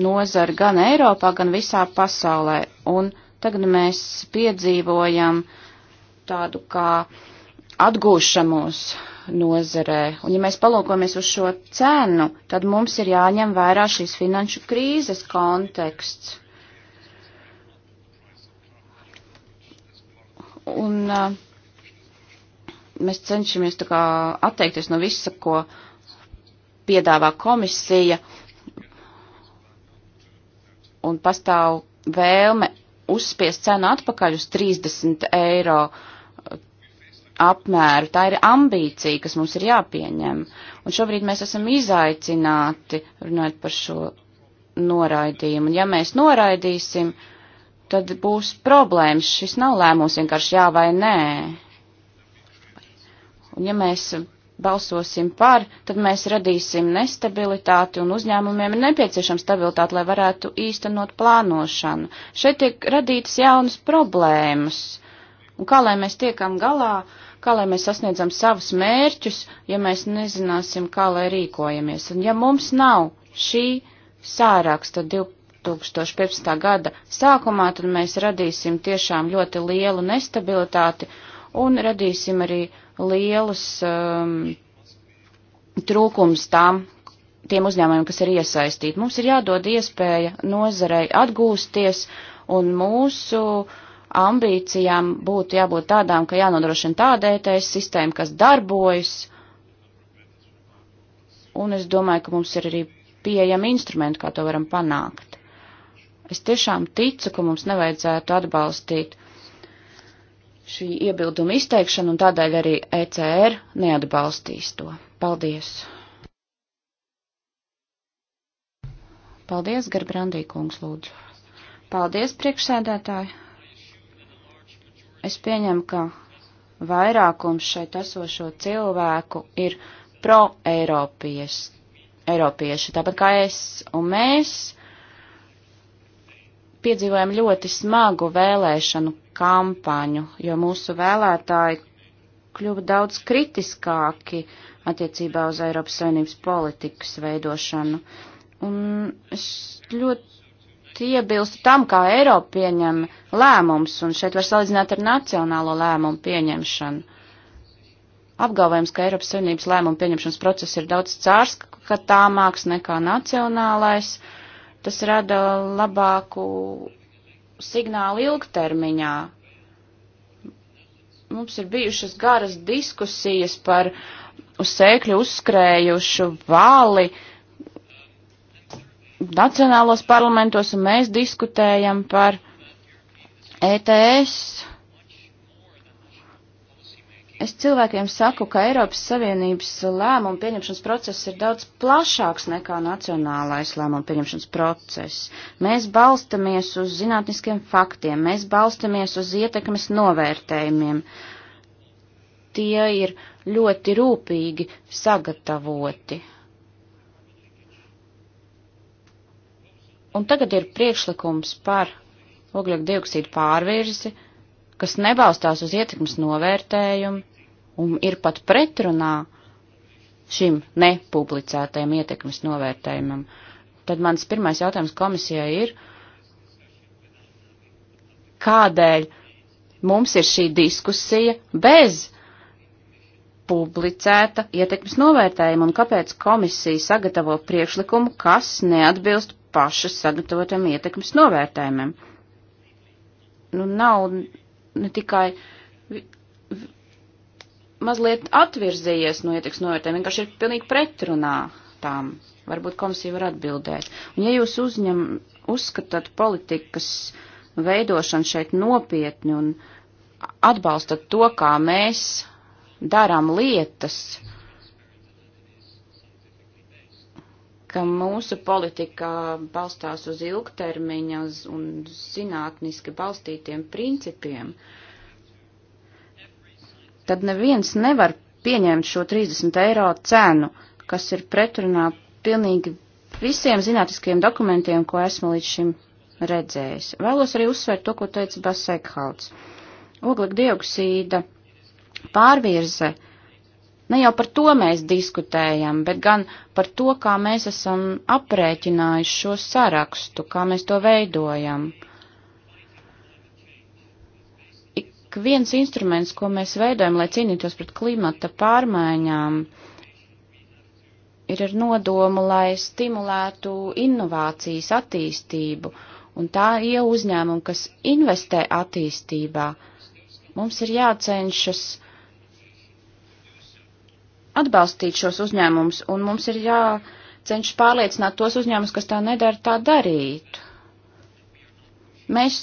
nozari gan Eiropā, gan visā pasaulē. Un tagad mēs piedzīvojam uh, tādu kā atgūšamos nozerē. Un ja mēs palūkojamies uz šo cenu, tad mums ir jāņem vērā šīs finanšu krīzes konteksts. Un uh, mēs cenšamies tā kā atteikties no visa, ko piedāvā komisija, un pastāv vēlme uzspiest cenu atpakaļ uz 30 eiro. Uh, apmēru, tā ir ambīcija, kas mums ir jāpieņem. Un šobrīd mēs esam izaicināti runāt par šo noraidījumu. Un ja mēs noraidīsim, tad būs problēmas. Šis nav lēmums vienkārši jā vai nē. Un ja mēs balsosim par, tad mēs radīsim nestabilitāti un uzņēmumiem ir nepieciešama stabilitāte, lai varētu īstenot plānošanu. Šeit tiek radītas jaunas problēmas Un kā lai mēs tiekam galā, kā lai mēs sasniedzam savus mērķus, ja mēs nezināsim, kā lai rīkojamies. Un ja mums nav šī sāraksta 2015. gada sākumā, tad mēs radīsim tiešām ļoti lielu nestabilitāti un radīsim arī lielus um, trūkums tām, tiem uzņēmumiem, kas ir iesaistīti. Mums ir jādod iespēja nozarei atgūsties un mūsu uh, ambīcijām būtu jābūt tādām, ka jānodrošina tāda ETS sistēma, kas darbojas, un es domāju, ka mums ir arī pieejami instrumenti, kā to varam panākt. Es tiešām ticu, ka mums nevajadzētu atbalstīt šī iebilduma izteikšanu, un tādēļ arī ECR neatbalstīs to. Paldies! Paldies, Garbrandī kungs, lūdzu! Paldies, priekšsēdētāji! Es pieņemu, ka vairākums šeit esošo cilvēku ir pro-eiropieši, eiropieši, tāpat kā es un mēs piedzīvojam ļoti smagu vēlēšanu kampaņu, jo mūsu vēlētāji kļuva daudz kritiskāki attiecībā uz Eiropas Savienības politikas veidošanu. Un es ļoti iebilstu tam, kā Eiropa pieņem lēmums, un šeit var salīdzināt ar nacionālo lēmumu pieņemšanu. Apgalvojums, ka Eiropas Savienības lēmumu pieņemšanas process ir daudz cārskatāmāks nekā nacionālais, tas rada labāku signālu ilgtermiņā. Mums ir bijušas garas diskusijas par uz sēkļu uzskrējušu vāli, uh, nacionālos parlamentos un mēs diskutējam par ETS. Es cilvēkiem saku, ka Eiropas Savienības lēmumu pieņemšanas process ir daudz plašāks nekā nacionālais lēmumu pieņemšanas process. Mēs balstamies uz zinātniskiem faktiem, mēs balstamies uz ietekmes novērtējumiem. Tie ir ļoti rūpīgi sagatavoti. Un tagad ir priekšlikums par ogļu dioksīdu pārvirzi, kas nebalstās uz ietekmes novērtējumu un ir pat pretrunā šim nepublicētajam ietekmes novērtējumam. Tad mans pirmais jautājums komisijai ir, kādēļ mums ir šī diskusija bez publicēta ietekmes novērtējuma un kāpēc komisija sagatavo priekšlikumu, kas neatbilst pašas sagatavotam ietekmes novērtējumam. Nu, nav ne tikai mazliet atvirzījies no ietekmes novērtējuma, vienkārši ir pilnīgi pretrunā tām. Varbūt komisija var atbildēt. Un ja jūs uzņem, uzskatāt politikas veidošanu šeit nopietni un atbalstat to, kā mēs darām lietas, uh, ka mūsu politika balstās uz ilgtermiņa un zinātniski balstītiem principiem, tad neviens nevar pieņemt šo 30 eiro cenu, kas ir pretrunā pilnīgi visiem zinātniskiem dokumentiem, ko esmu līdz šim redzējis. Vēlos arī uzsvērt to, ko teica Basekhauts. Oglekdioksīda pārvirze uh, Ne jau par to mēs diskutējam, bet gan par to, kā mēs esam aprēķinājuši šo sarakstu, kā mēs to veidojam. Ik viens instruments, ko mēs veidojam, lai cīnītos pret klimata pārmaiņām, ir ar nodomu, lai stimulētu inovācijas attīstību, un tā ir uzņēmumi, kas investē attīstībā. Mums ir jācenšas atbalstīt šos uzņēmumus, un mums ir jācenšas pārliecināt tos uzņēmumus, kas tā nedara, tā darītu. Mēs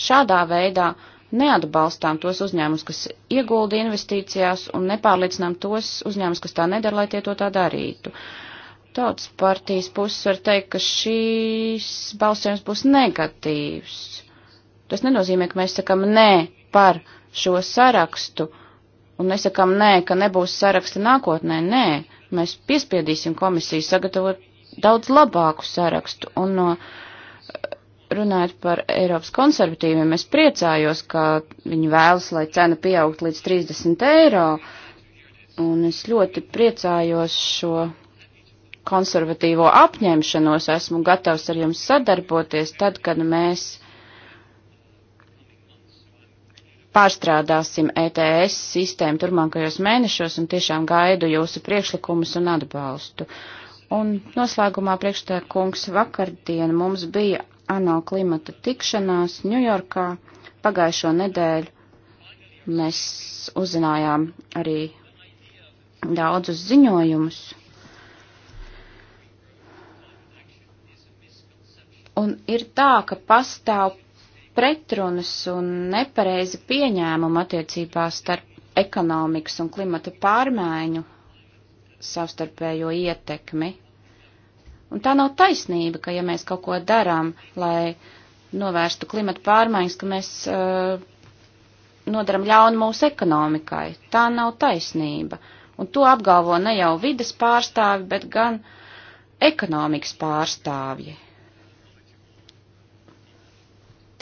šādā veidā neatbalstām tos uzņēmumus, kas iegulda investīcijās, un nepārliecinām tos uzņēmumus, kas tā nedara, lai tie to tā darītu. Tautas partijas puses var teikt, ka šīs balsojums būs negatīvs. Tas nenozīmē, ka mēs sakam nē par šo sarakstu, un nesakām nē, ka nebūs saraksti nākotnē. Nē, mēs piespiedīsim komisiju sagatavot daudz labāku sarakstu. Un no, runājot par Eiropas konservatīviem, es priecājos, ka viņi vēlas, lai cena pieaugt līdz 30 eiro. Un es ļoti priecājos šo konservatīvo apņemšanos. Esmu gatavs ar jums sadarboties tad, kad mēs pārstrādāsim ETS sistēmu turmākajos mēnešos un tiešām gaidu jūsu priekšlikumus un atbalstu. Un noslēgumā priekšstēkungs vakardien mums bija ANO klimata tikšanās Ņujorkā pagājušo nedēļu. Mēs uzzinājām arī daudzus ziņojumus. Un ir tā, ka pastāv pretrunas un nepareizi pieņēmumu attiecībā starp ekonomikas un klimata pārmaiņu savstarpējo ietekmi. Un tā nav taisnība, ka ja mēs kaut ko darām, lai novērstu klimata pārmaiņas, ka mēs uh, nodaram ļaunu mūsu ekonomikai. Tā nav taisnība. Un to apgalvo ne jau vides pārstāvi, bet gan ekonomikas pārstāvji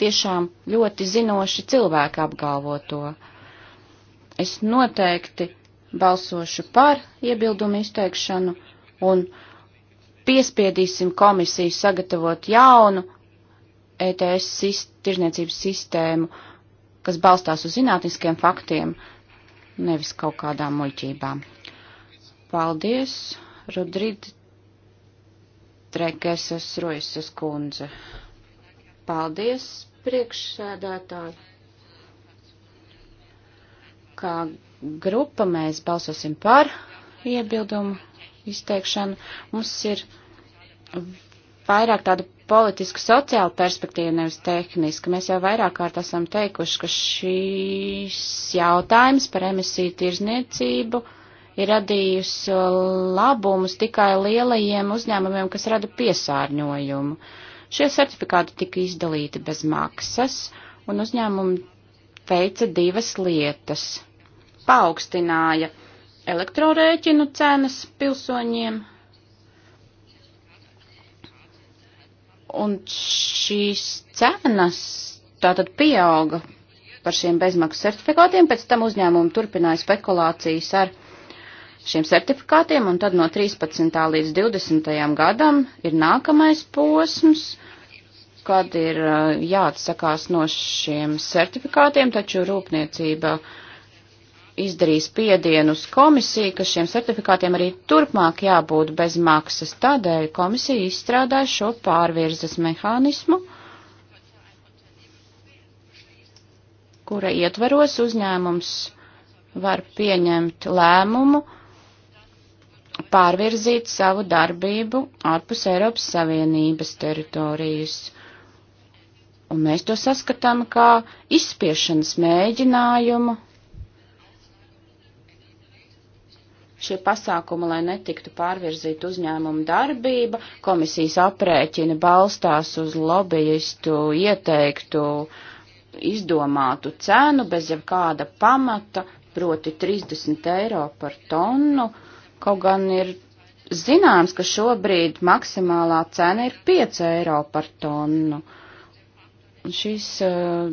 tiešām ļoti zinoši cilvēki apgalvo to. Es noteikti balsošu par iebildumu izteikšanu un piespiedīsim komisiju sagatavot jaunu ETS sist tirzniecības sistēmu, kas balstās uz zinātniskiem faktiem, nevis kaut kādām muļķībām. Paldies, Rodrid Trekeses Roisas kundze. Paldies, priekšsēdētāji. Kā grupa mēs balsosim par iebildumu izteikšanu. Mums ir vairāk tāda politiska sociāla perspektīva, nevis tehniska. Mēs jau vairāk kārt esam teikuši, ka šīs jautājums par emisiju tirzniecību ir radījusi labumus tikai lielajiem uzņēmumiem, kas rada piesārņojumu. Uh, Šie certifikāti tika izdalīti bez maksas, un uzņēmumi veica divas lietas. Paaugstināja elektrorēķinu cenas pilsoņiem, un šīs cenas tātad pieauga par šiem bezmaksas certifikātiem, pēc tam uzņēmumi turpināja spekulācijas ar šiem certifikātiem, un tad no 13. līdz 20. gadam ir nākamais posms, kad ir jāatsakās no šiem certifikātiem, taču rūpniecība izdarīs piedienu uz komisiju, ka šiem certifikātiem arī turpmāk jābūt bez maksas. Tādēļ komisija izstrādāja šo pārvirzes mehānismu, kura ietveros uzņēmums var pieņemt lēmumu, pārvirzīt savu darbību ārpus Eiropas Savienības teritorijas. Un mēs to saskatām kā izspiešanas mēģinājumu. Šie pasākumi, lai netiktu pārvirzīta uzņēmuma darbība, komisijas aprēķina balstās uz lobbyistu ieteiktu izdomātu cenu bez jebkāda pamata, proti 30 eiro par tonu, uh, Kaut gan ir zināms, ka šobrīd maksimālā cena ir 5 eiro par tonu. Un šis uh,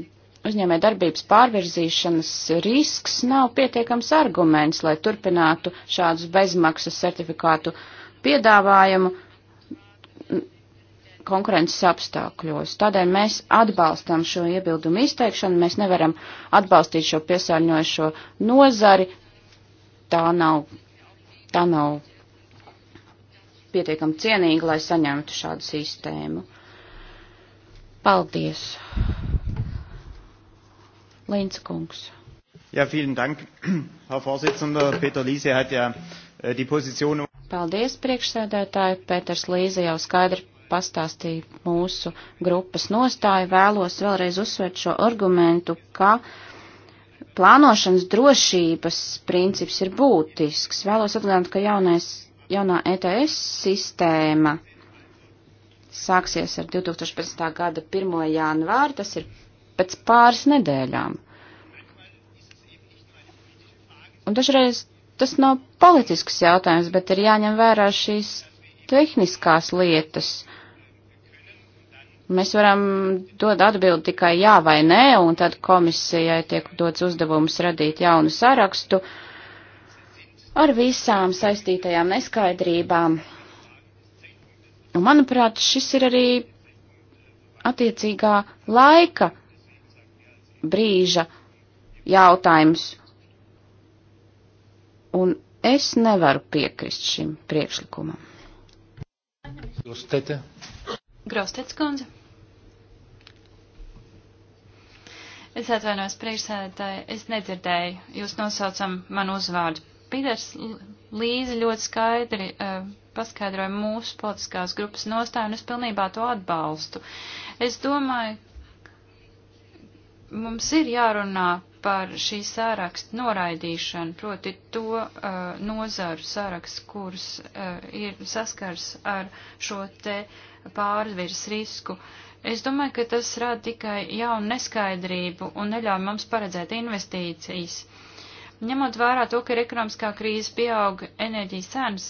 uzņēmē darbības pārvirzīšanas risks nav pietiekams arguments, lai turpinātu šādus bezmaksas certifikātu piedāvājumu konkurences apstākļos. Tādēļ mēs atbalstam šo iebildumu izteikšanu, mēs nevaram atbalstīt šo piesārņojušo nozari, tā nav tā nav pietiekami cienīga, lai saņemtu šādu sistēmu. Paldies! Līnz kungs. Ja, vielen Dank, Herr Vorsitzender. Peter Liese hat ja äh, die Position. Paldies, priekšsēdētāji. Pēters Līze jau skaidri pastāstīja mūsu grupas nostāju. Vēlos vēlreiz uzsvērt šo argumentu, ka uh, plānošanas drošības princips ir būtisks. Vēlos atgādināt, ka jaunais, jaunā ETS sistēma sāksies ar 2015. gada 1. janvāru, tas ir pēc pāris nedēļām. Un dažreiz tas nav politisks jautājums, bet ir jāņem vērā šīs tehniskās lietas. Uh, Mēs varam dot atbildi tikai jā vai nē, un tad komisijai tiek dots uzdevums radīt jaunu sarakstu ar visām saistītajām neskaidrībām. Un, manuprāt, šis ir arī attiecīgā laika brīža jautājums. Un es nevaru piekrist šim priekšlikumam. Grostete kundze. Es atvainojos priekšsēdētāji, es nedzirdēju. Jūs nosaucam manu uzvārdu. Pīters Līze ļoti skaidri uh, paskaidroja mūsu politiskās grupas nostāju, un es pilnībā to atbalstu. Es domāju, mums ir jārunā par šī sāraksta noraidīšanu, proti to uh, nozaru sāraksts, kuras uh, eh, ir saskars ar šo te pārvirs risku. Uh, Es domāju, ka tas rada tikai jaunu neskaidrību un neļauj mums paredzēt investīcijas. Ņemot vērā to, ka ir ekonomiskā krīze pieauga enerģijas cenas,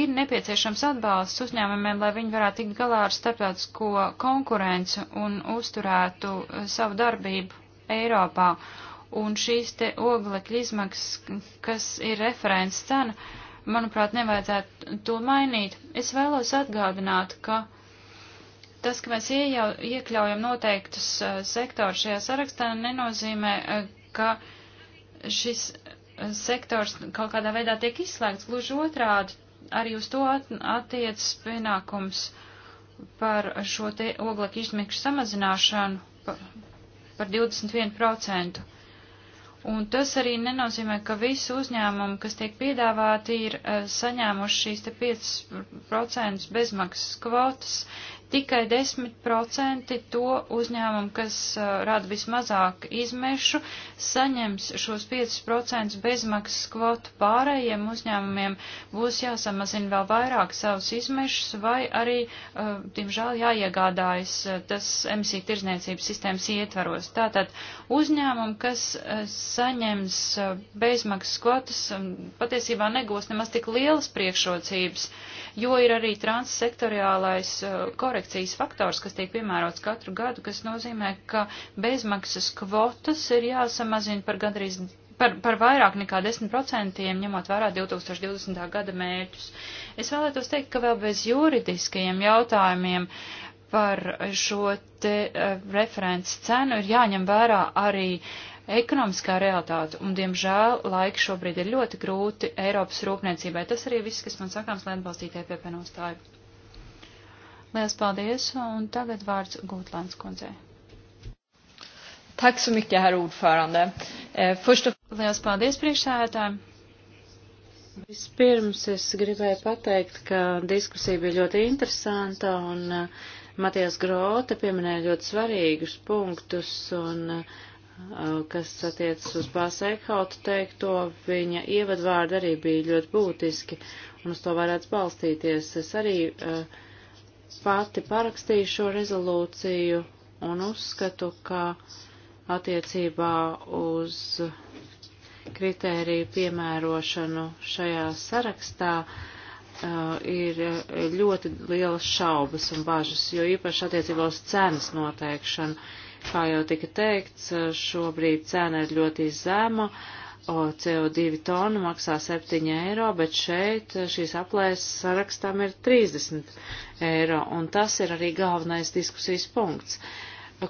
ir nepieciešams atbalsts uzņēmumiem, lai viņi varētu tikt galā ar starptautisko konkurenci un uzturētu eh, savu darbību Eiropā. Un šīs te oglekļa izmaksas, kas ir referents cena, manuprāt, nevajadzētu to mainīt. Es vēlos atgādināt, ka Tas, ka mēs iejau, iekļaujam noteiktus uh, eh, sektorus šajā sarakstā, nenozīmē, uh, ka šis uh, sektors kaut kādā veidā tiek izslēgts. Gluži otrādi, arī uz to at, attiecas pienākums par šo te oglekļa izmikšu samazināšanu par, par 21%. Un tas arī nenozīmē, ka visi uzņēmumi, kas tiek piedāvāti, ir saņēmuši šīs te 5% bezmaksas kvotas. Tikai 10% to uzņēmumu, kas uh, rada vismazāk izmešu, saņems šos 5% bezmaksas kvotu pārējiem uzņēmumiem, būs jāsamazina vēl vairāk savus izmešus vai arī, uh, diemžēl, jāiegādājas uh, tas emisiju tirzniecības sistēmas ietvaros. Tātad uzņēmumi, kas saņems bezmaksas kvotas, um, patiesībā negūs nemaz tik lielas priekšrocības, jo ir arī transsektoriālais korekcijas korekcijas faktors, kas tiek piemērots katru gadu, kas nozīmē, ka bezmaksas kvotas ir jāsamazina par gandrīz. Par, par vairāk nekā 10%, ņemot vērā 2020. gada mērķus. Es vēlētos teikt, ka vēl bez juridiskajiem jautājumiem par šo te uh, referents cenu ir jāņem vērā arī uh, ekonomiskā realitāte, un, diemžēl, laika šobrīd ir ļoti grūti Eiropas rūpniecībai. Tas arī viss, kas man sakāms, lai atbalstītu EPP nostāju. Lielas paldies, un tagad vārds Gūtlands kundzei. Tack så mycket, herr ordförande. Eh, först och... Lielas paldies, priekšsēdētāji. Vispirms es gribēju pateikt, ka diskusija bija ļoti interesanta, un eh, Matijas Grote pieminēja ļoti svarīgus punktus, un eh, kas attiecas uz Bāsekhautu teikto, viņa ievadvārdi arī bija ļoti būtiski, un uz to varētu balstīties. Es arī uh, pati parakstīju šo rezolūciju un uzskatu, ka attiecībā uz kritēriju piemērošanu šajā sarakstā uh, ir ļoti lielas šaubas un bažas, jo īpaši attiecībā uz cenas noteikšanu. Kā jau tika teikts, uh, šobrīd cena ir ļoti zema. Uh, CO2 tonu maksā 7 eiro, bet šeit eh, šīs aplēses sarakstām ir 30 eiro, un tas ir arī galvenais diskusijas punkts.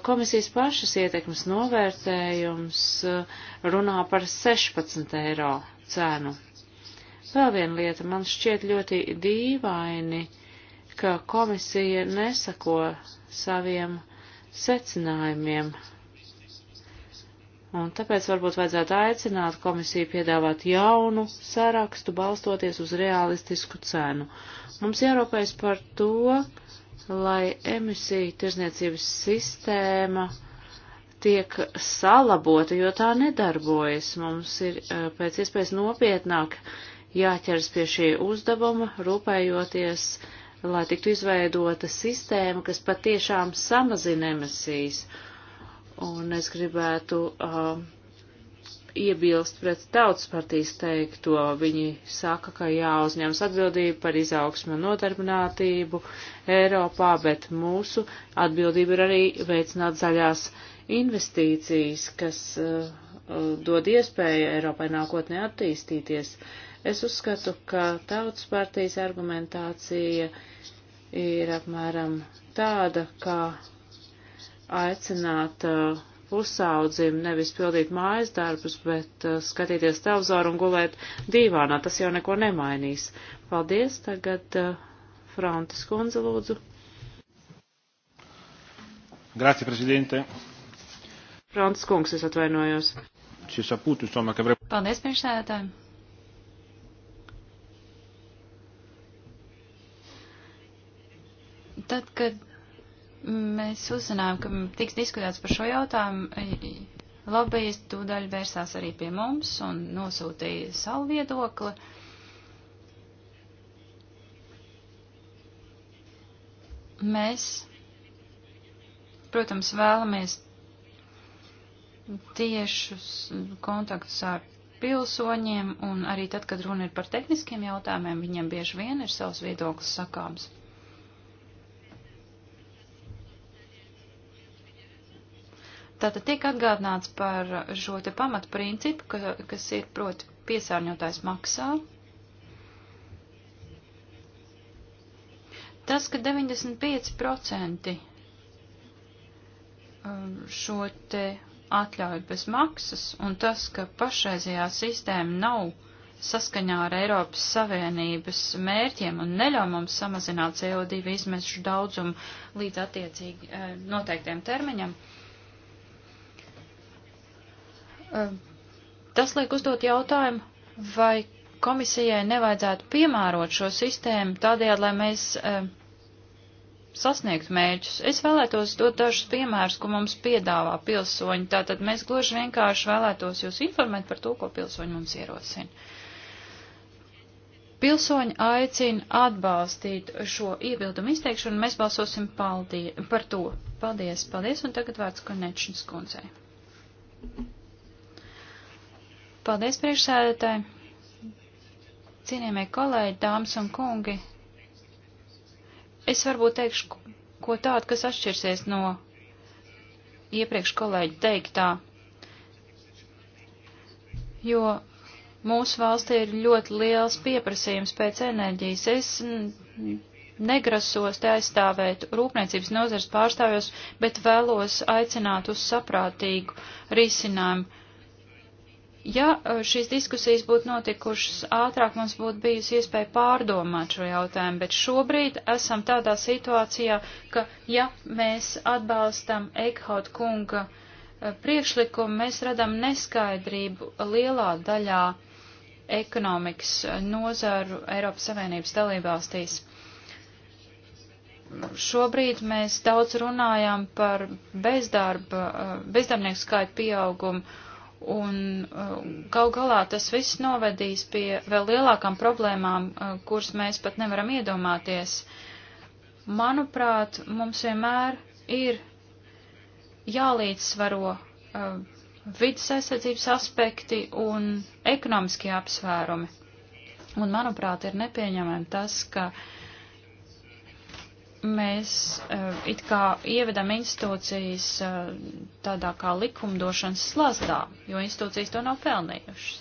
Komisijas pašas ietekmes novērtējums eh, runā par 16 eiro cenu. Vēl viena lieta man šķiet ļoti dīvaini, ka komisija nesako saviem secinājumiem Un tāpēc varbūt vajadzētu aicināt komisiju piedāvāt jaunu sarakstu, balstoties uz realistisku cenu. Mums jārūpējas par to, lai emisiju tirzniecības sistēma tiek salabota, jo tā nedarbojas. Mums ir e, pēc iespējas nopietnāk jāķers pie šī uzdevuma, rūpējoties, lai tiktu izveidota sistēma, kas patiešām samazina emisijas Un es gribētu uh, iebilst pret tautas partijas teikto. Viņi saka, ka jāuzņems atbildība par izaugsmu un nodarbinātību Eiropā, bet mūsu atbildība ir arī veicināt zaļās investīcijas, kas uh, uh dod iespēju Eiropai nākotnē attīstīties. Es uzskatu, ka tautas partijas argumentācija ir apmēram tāda, kā aicināt uh, pusaudzim nevis pildīt mājas darbus, bet uh, skatīties televzoru un gulēt dīvānā. Tas jau neko nemainīs. Paldies. Tagad uh, Frontes kundze lūdzu. Grazie, prezidente. Frontes kungs, es atvainojos. Paldies, priekšsēdētājiem. Tad, kad mēs uzzinājām, ka tiks diskutēts par šo jautājumu, lobbyisti tūdaļ vērsās arī pie mums un nosūtīja savu viedokli. Mēs, protams, vēlamies tiešus kontaktus ar pilsoņiem, un arī tad, kad runa ir par tehniskiem jautājumiem, viņiem bieži vien ir savs viedoklis sakāms. Tātad tiek atgādināts par šo te pamatprincipu, ka, kas ir proti piesārņotājs maksā. Tas, ka 95% um, šo te atļauju bez maksas un tas, ka pašreizajā sistēma nav saskaņā ar Eiropas Savienības mērķiem un neļauj mums samazināt CO2 izmešu daudzumu līdz attiecīgi eh, noteiktiem termiņam. Uh, Um, tas liek uzdot jautājumu, vai komisijai nevajadzētu piemērot šo sistēmu tādējādi, lai mēs um, sasniegtu mērķus. Es vēlētos dot dažus piemērus, ko mums piedāvā pilsoņi. Tātad mēs gluži vienkārši vēlētos jūs informēt par to, ko pilsoņi mums ierosina. Pilsoņi aicina atbalstīt šo iebildumu izteikšanu, mēs balsosim paldie, par to. Paldies, paldies, un tagad vārds Konečņas kundzei. Paldies, priekšsēdētāji! Cienījamie kolēģi, dāmas un kungi! Es varbūt teikšu ko tādu, kas atšķirsies no iepriekš kolēģi teiktā, jo mūsu valstī ir ļoti liels pieprasījums pēc enerģijas. Es negrasos te aizstāvēt rūpniecības nozars pārstāvjos, bet vēlos aicināt uz saprātīgu risinājumu Ja uh, šīs diskusijas būtu notikušas ātrāk, mums būtu bijusi iespēja pārdomāt šo jautājumu, bet šobrīd esam tādā situācijā, ka ja mēs atbalstam Eikhaut kunga uh, priekšlikumu, mēs radam neskaidrību lielā daļā ekonomikas uh, nozaru Eiropas Savienības dalībvalstīs šobrīd mēs daudz runājam par bezdarba, bezdarbnieku skaitu pieaugumu, Un uh, gal galā tas viss novedīs pie vēl lielākām problēmām, uh, kuras mēs pat nevaram iedomāties. Manuprāt, mums vienmēr ir jālīdzsvaro uh, vidas aizsardzības aspekti un ekonomiskie apsvērumi. Un, manuprāt, ir nepieņemami tas, ka uh, mēs uh, it kā ievedam institūcijas uh, tādā kā likumdošanas slazdā, jo institūcijas to nav pelnījušas.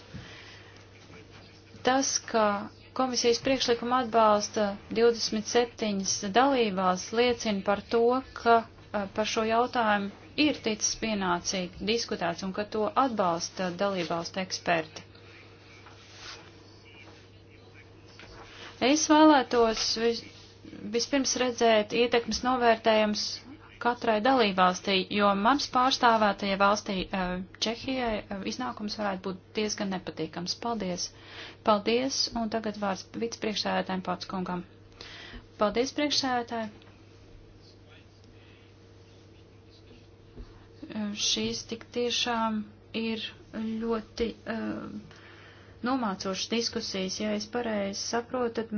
Tas, ka komisijas priekšlikuma atbalsta 27 dalībās, liecina par to, ka uh, par šo jautājumu ir ticis pienācīgi diskutēts un ka to atbalsta dalībvalstu eksperti. Es vēlētos vispirms redzēt ietekmes novērtējums katrai dalībvalstī, jo mans pārstāvētajai valstī eh, Čehijai eh, iznākums varētu būt diezgan nepatīkams. Paldies! Paldies! Un tagad vārds vicepriekšsēdētājiem pats kungam. Paldies, priekšsēdētāji! Eh, šīs tik tiešām ir ļoti uh, nomācošas diskusijas, ja es pareizi saprotu, tad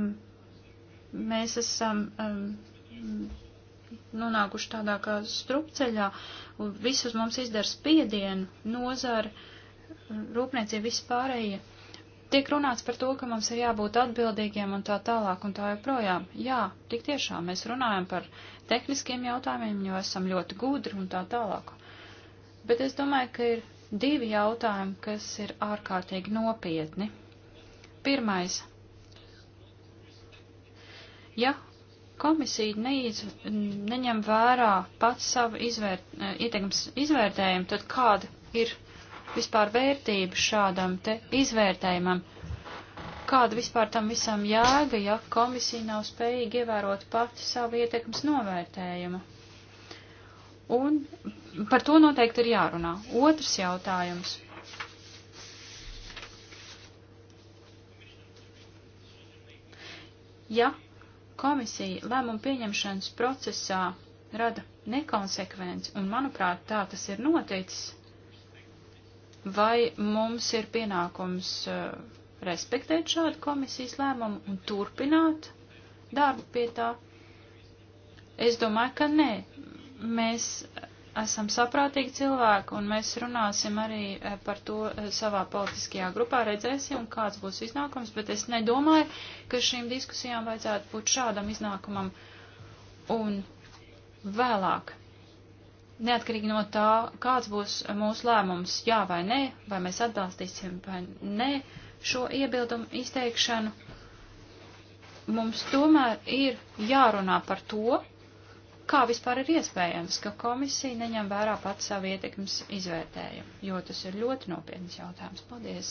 mēs esam um, nonākuši tādā kā strupceļā, un visus mums izdara spiedienu, nozara, rūpniecība, vispārējie. Tiek runāts par to, ka mums ir jābūt atbildīgiem un tā tālāk un tā joprojām. Jā, tik tiešām mēs runājam par tehniskiem jautājumiem, jo esam ļoti gudri un tā tālāk. Bet es domāju, ka ir divi jautājumi, kas ir ārkārtīgi nopietni. Pirmais Ja komisija neiz, neņem vērā pats savu izvērt, e, ietekmes izvērtējumu, tad kāda ir vispār vērtība šādam te izvērtējumam? Kāda vispār tam visam jēga, ja komisija nav spējīga ievērot pati savu ietekmes novērtējumu? Un par to noteikti ir jārunā. Otrs jautājums. Ja komisija lēmumu pieņemšanas procesā rada nekonsekvenci, un manuprāt, tā tas ir noticis. Vai mums ir pienākums uh, respektēt šādu komisijas lēmumu un turpināt darbu pie tā? Es domāju, ka nē. Mēs esam saprātīgi cilvēki, un mēs runāsim arī eh, par to eh, savā politiskajā grupā, redzēsim, kāds būs iznākums, bet es nedomāju, ka šīm diskusijām vajadzētu būt šādam iznākumam. Un vēlāk, neatkarīgi no tā, kāds būs mūsu lēmums, jā vai nē, vai mēs atbalstīsim vai nē šo iebildumu izteikšanu, mums tomēr ir jārunā par to, kā vispār ir iespējams, ka komisija neņem vērā pats savu ietekmes izvērtējumu, jo tas ir ļoti nopietns jautājums. Paldies!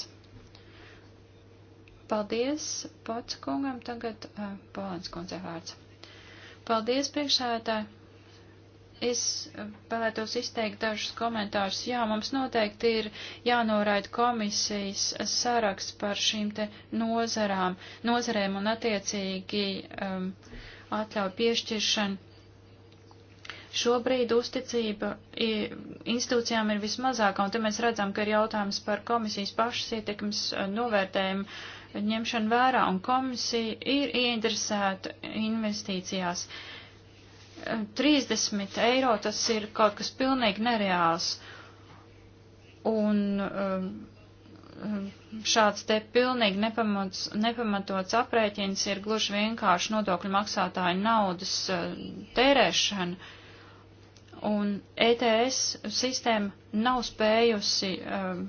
Paldies pats kungam, tagad uh, Polēns kundze vārds. Paldies priekšsēdētāji! Es vēlētos izteikt dažus komentārus. Jā, mums noteikti ir jānoraida komisijas saraksts par šīm te nozarām, nozarēm un attiecīgi um, atļauju piešķiršanu Šobrīd uzticība institūcijām ir vismazākā, un te mēs redzam, ka ir jautājums par komisijas pašas ietekmes eh, novērtējumu ņemšanu vērā, un komisija ir ieinteresēta investīcijās. 30 eh, eiro tas ir kaut kas pilnīgi nereāls. Un um, um, šāds te pilnīgi nepamats, nepamatots aprēķins ir gluži vienkārši nodokļu maksātāju naudas eh, tērēšana un ETS sistēma nav spējusi um,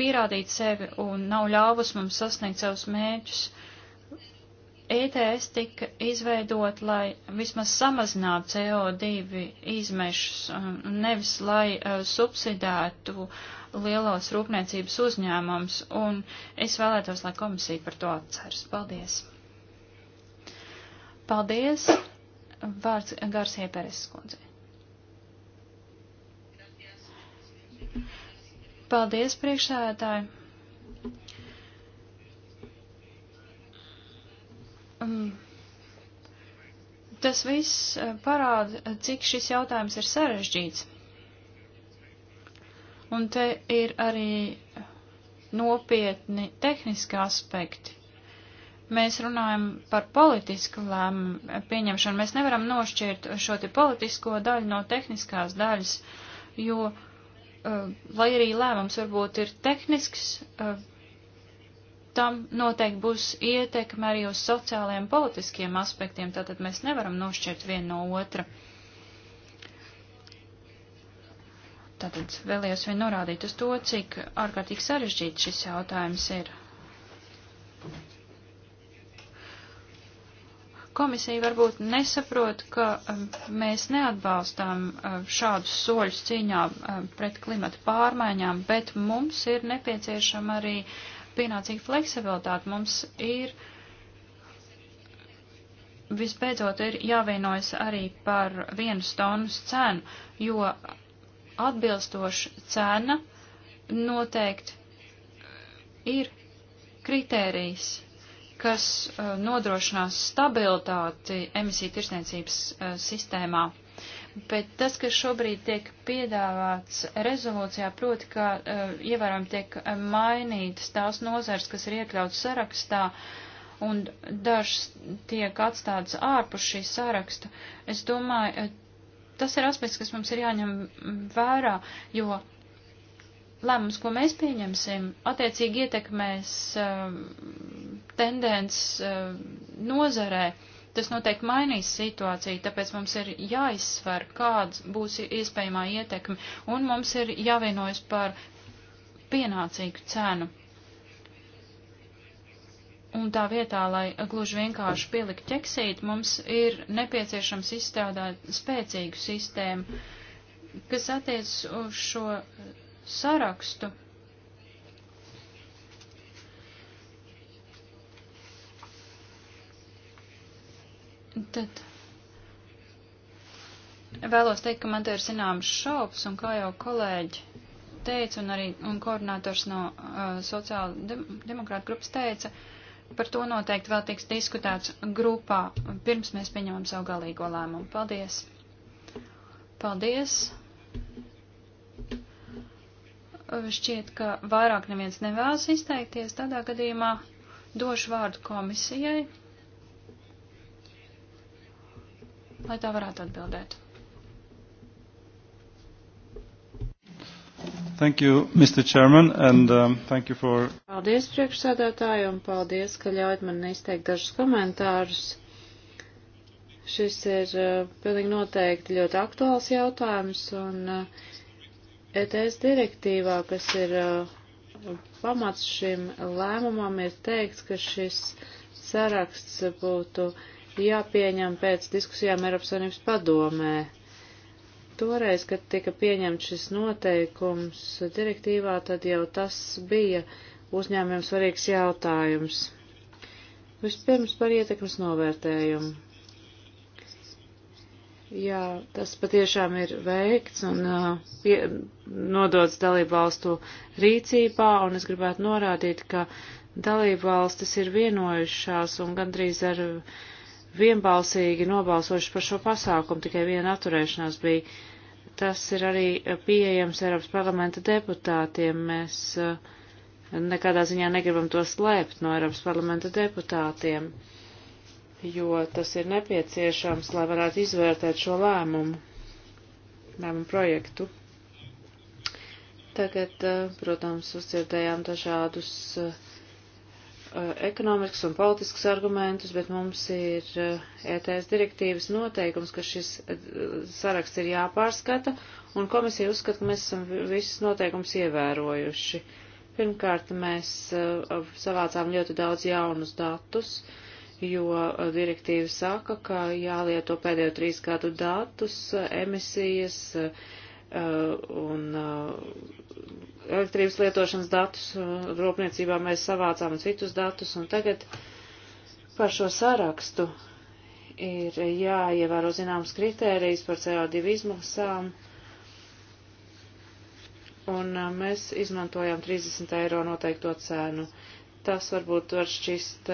pierādīt sevi un nav ļāvus mums sasniegt savus mēģus. ETS tika izveidot, lai vismaz samazinātu CO2 izmešus, um, nevis lai uh, subsidētu lielos rūpniecības uzņēmums, un es vēlētos, lai komisija par to atceras. Paldies! Paldies! Vārds Garsie Peres kundzei. Paldies, priekšsēdētāji. Um, tas viss uh, parāda, cik šis jautājums ir sarežģīts. Un te ir arī nopietni tehniski aspekti. Mēs runājam par politisku lēmumu pieņemšanu. Mēs nevaram nošķirt šo te politisko daļu no tehniskās daļas, jo uh, Eh, lai arī lēmums varbūt ir tehnisks, eh, tam noteikti būs ietekme arī uz sociālajiem politiskiem aspektiem, tātad mēs nevaram nošķirt vienu no otra. Tātad vēlējos vien norādīt uz to, cik ārkārtīgi sarežģīts šis jautājums ir. Komisija varbūt nesaprot, ka um, mēs neatbalstām um, šādus soļus cīņā um, pret klimata pārmaiņām, bet mums ir nepieciešama arī pienācīga fleksibilitāte. Mums ir visbeidzot ir jāvienojas arī par vienu stonus cenu, jo atbilstoša cena noteikti ir kritērijs kas uh, nodrošinās stabilitāti emisiju tirsniecības uh, sistēmā. Bet tas, kas šobrīd tiek piedāvāts rezolūcijā, proti, ka uh, ievērojami tiek mainītas tās nozars, kas ir iekļauts sarakstā, un dažs tiek atstāts ārpus šī saraksta, es domāju, uh, tas ir aspekts, kas mums ir jāņem vērā, jo lēmums, ko mēs pieņemsim, attiecīgi ietekmēs um, tendences eh, nozarē, tas noteikti mainīs situāciju, tāpēc mums ir jāizsver, kāds būs iespējamā ietekme, un mums ir jāvienojas par pienācīgu cenu. Un tā vietā, lai gluži vienkārši pielikt ķeksīt, mums ir nepieciešams izstrādāt spēcīgu sistēmu, kas attiec uz šo sarakstu. Tad vēlos teikt, ka man te ir zināms šaubas, un kā jau kolēģi teica, un arī un koordinators no uh, sociāla de demokrāta grupas teica, par to noteikti vēl tiks diskutēts grupā, pirms mēs pieņemam savu galīgo lēmumu. Paldies! Paldies! Uh, šķiet, ka vairāk neviens nevēlas izteikties. Tādā gadījumā došu vārdu komisijai. lai tā varētu atbildēt. Thank you, Mr. Chairman, and um, thank you for. Paldies priekšsēdētāju un paldies, ka ļaujat man izteikt dažus komentārus. Šis ir uh, pilnīgi noteikti ļoti aktuāls jautājums un uh, ETS direktīvā, kas ir uh, pamats šim lēmumam, ir teikts, ka šis saraksts būtu uh, jāpieņem pēc diskusijām Eiropas Savienības padomē. Toreiz, kad tika pieņemts šis noteikums direktīvā, tad jau tas bija uzņēmumiem svarīgs jautājums. Vispirms par ietekmes novērtējumu. Jā, tas patiešām ir veikts un uh, pie, nodots dalību valstu rīcībā, un es gribētu norādīt, ka dalību valstis ir vienojušās un gandrīz ar uh, vienbalsīgi nobalsojuši par šo pasākumu, tikai viena atturēšanās bija. Tas ir arī pieejams Eiropas parlamenta deputātiem. Mēs eh, nekādā ziņā negribam to slēpt no Eiropas parlamenta deputātiem, jo tas ir nepieciešams, lai varētu izvērtēt šo lēmumu, lēmumu projektu. Tagad, eh, protams, uzdzirdējām dažādus uh, Uh, ekonomiskus un politiskus argumentus, bet mums ir uh, ETS direktīvas noteikums, ka šis uh, saraksts ir jāpārskata, un komisija uzskata, ka mēs esam visus noteikumus ievērojuši. Pirmkārt, mēs savācām ļoti daudz jaunus datus, jo direktīva saka, ka jālieto pēdējo trīs gadu datus, emisijas, Eh, un eh, elektrības lietošanas datus, eh, rūpniecībā mēs savācām citus datus, un tagad par šo sarakstu ir jāievēro zināms kritērijas par CO2 izmaksām, un mēs izmantojām 30 eiro noteikto cenu. Tas varbūt var šķist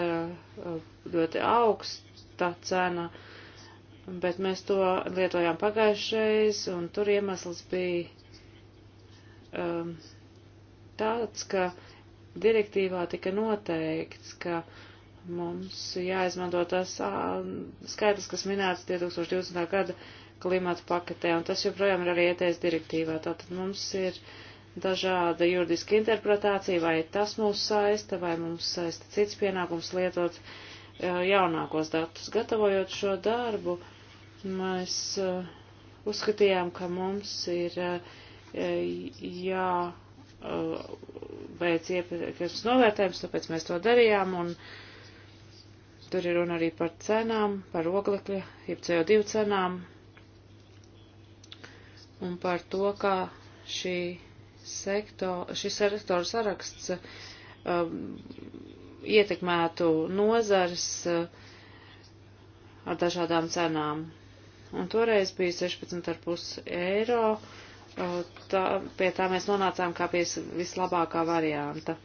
ļoti augsta cena. Uh, bet mēs to lietojām pagājušreiz, un tur iemesls bija um, tāds, ka direktīvā tika noteikts, ka mums jāizmanto tas skaitlis, kas minēts 2020. gada klimata paketē, un tas joprojām ir arī ieteicis direktīvā. Tātad mums ir dažāda juridiska interpretācija, vai tas mūs saista, vai mums saista cits pienākums lietot jaunākos datus. Gatavojot šo darbu, uh, Mēs uh, uzskatījām, ka mums ir uh, jā uh, veic iepriekšējos novērtējums, tāpēc mēs to darījām, un tur ir runa arī par cenām, par oglekļa, jeb CO2 cenām, un par to, kā šī sektor, šis sektoru saraksts um, ietekmētu nozars uh, ar dažādām cenām un toreiz bija 16,5 eiro. Tā, pie tā mēs nonācām kā pie vislabākā varianta.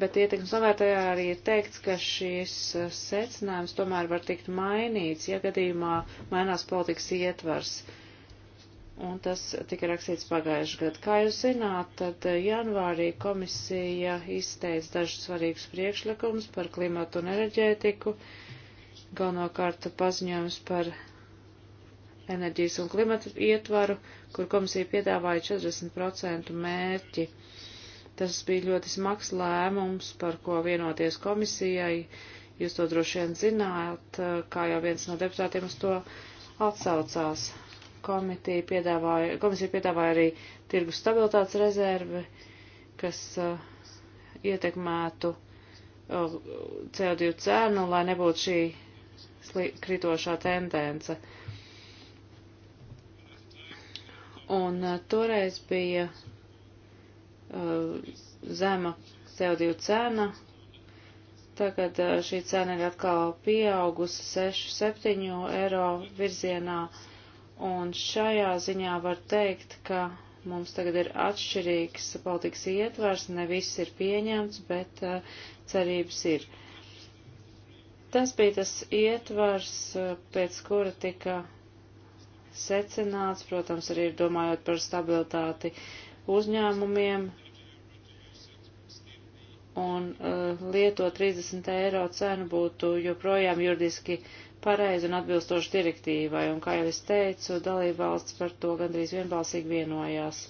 Bet ietekmes novērtējā arī ir teikts, ka šis secinājums tomēr var tikt mainīts, ja gadījumā mainās politikas ietvars. Un tas tika rakstīts pagājušajā gadā. Kā jūs zināt, tad janvārī komisija izteica dažus svarīgus priekšlikumus par klimatu un enerģētiku, galvenokārt paziņojums par enerģijas un klimata ietvaru, kur komisija piedāvāja 40% mērķi. Tas bija ļoti smags lēmums, par ko vienoties komisijai. Jūs to droši vien zināt, kā jau viens no deputātiem uz to atsaucās. Komitija piedāvāja, komisija piedāvāja arī tirgus stabilitātes rezervi, kas uh, ietekmētu uh, CO2 cenu, lai nebūtu šī kritošā tendence. Uh, Un uh, toreiz bija uh, zema CO2 cena. Tagad uh, šī cena ir atkal pieaugusi 6-7 eiro virzienā. Un šajā ziņā var teikt, ka mums tagad ir atšķirīgs politikas ietvars, ne viss ir pieņemts, bet uh, cerības ir. Tas bija tas ietvars, uh, pēc kura tika secināts, protams, arī domājot par stabilitāti uzņēmumiem un uh, lieto 30 eiro cenu būtu joprojām juridiski pareizi un atbilstoši direktīvai, un, kā jau es teicu, dalībvalsts par to gandrīz vienbalsīgi vienojās.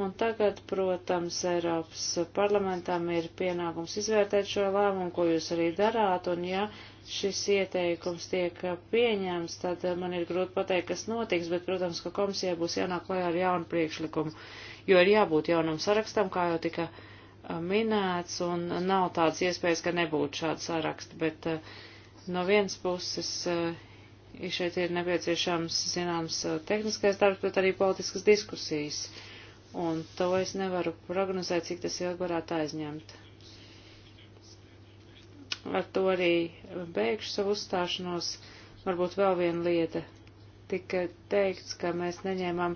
Un tagad, protams, Eiropas parlamentam ir pienākums izvērtēt šo lēmumu, ko jūs arī darāt, un ja uh, šis ieteikums tiek uh, pieņemts, tad uh, man ir grūti pateikt, kas notiks, bet, protams, ka komisija būs jānāk klajā ar jaunu priekšlikumu, jo ir jābūt jaunam sarakstam, kā jau tika uh, minēts, un nav tādas iespējas, ka nebūtu šāda saraksta, bet no vienas puses šeit ir nepieciešams, zināms, tehniskais darbs, bet arī politiskas diskusijas, un to es nevaru prognozēt, cik tas ilgi varētu aizņemt ar to arī beigšu savu uzstāšanos. Varbūt vēl viena lieta. Tika teikts, ka mēs neņēmām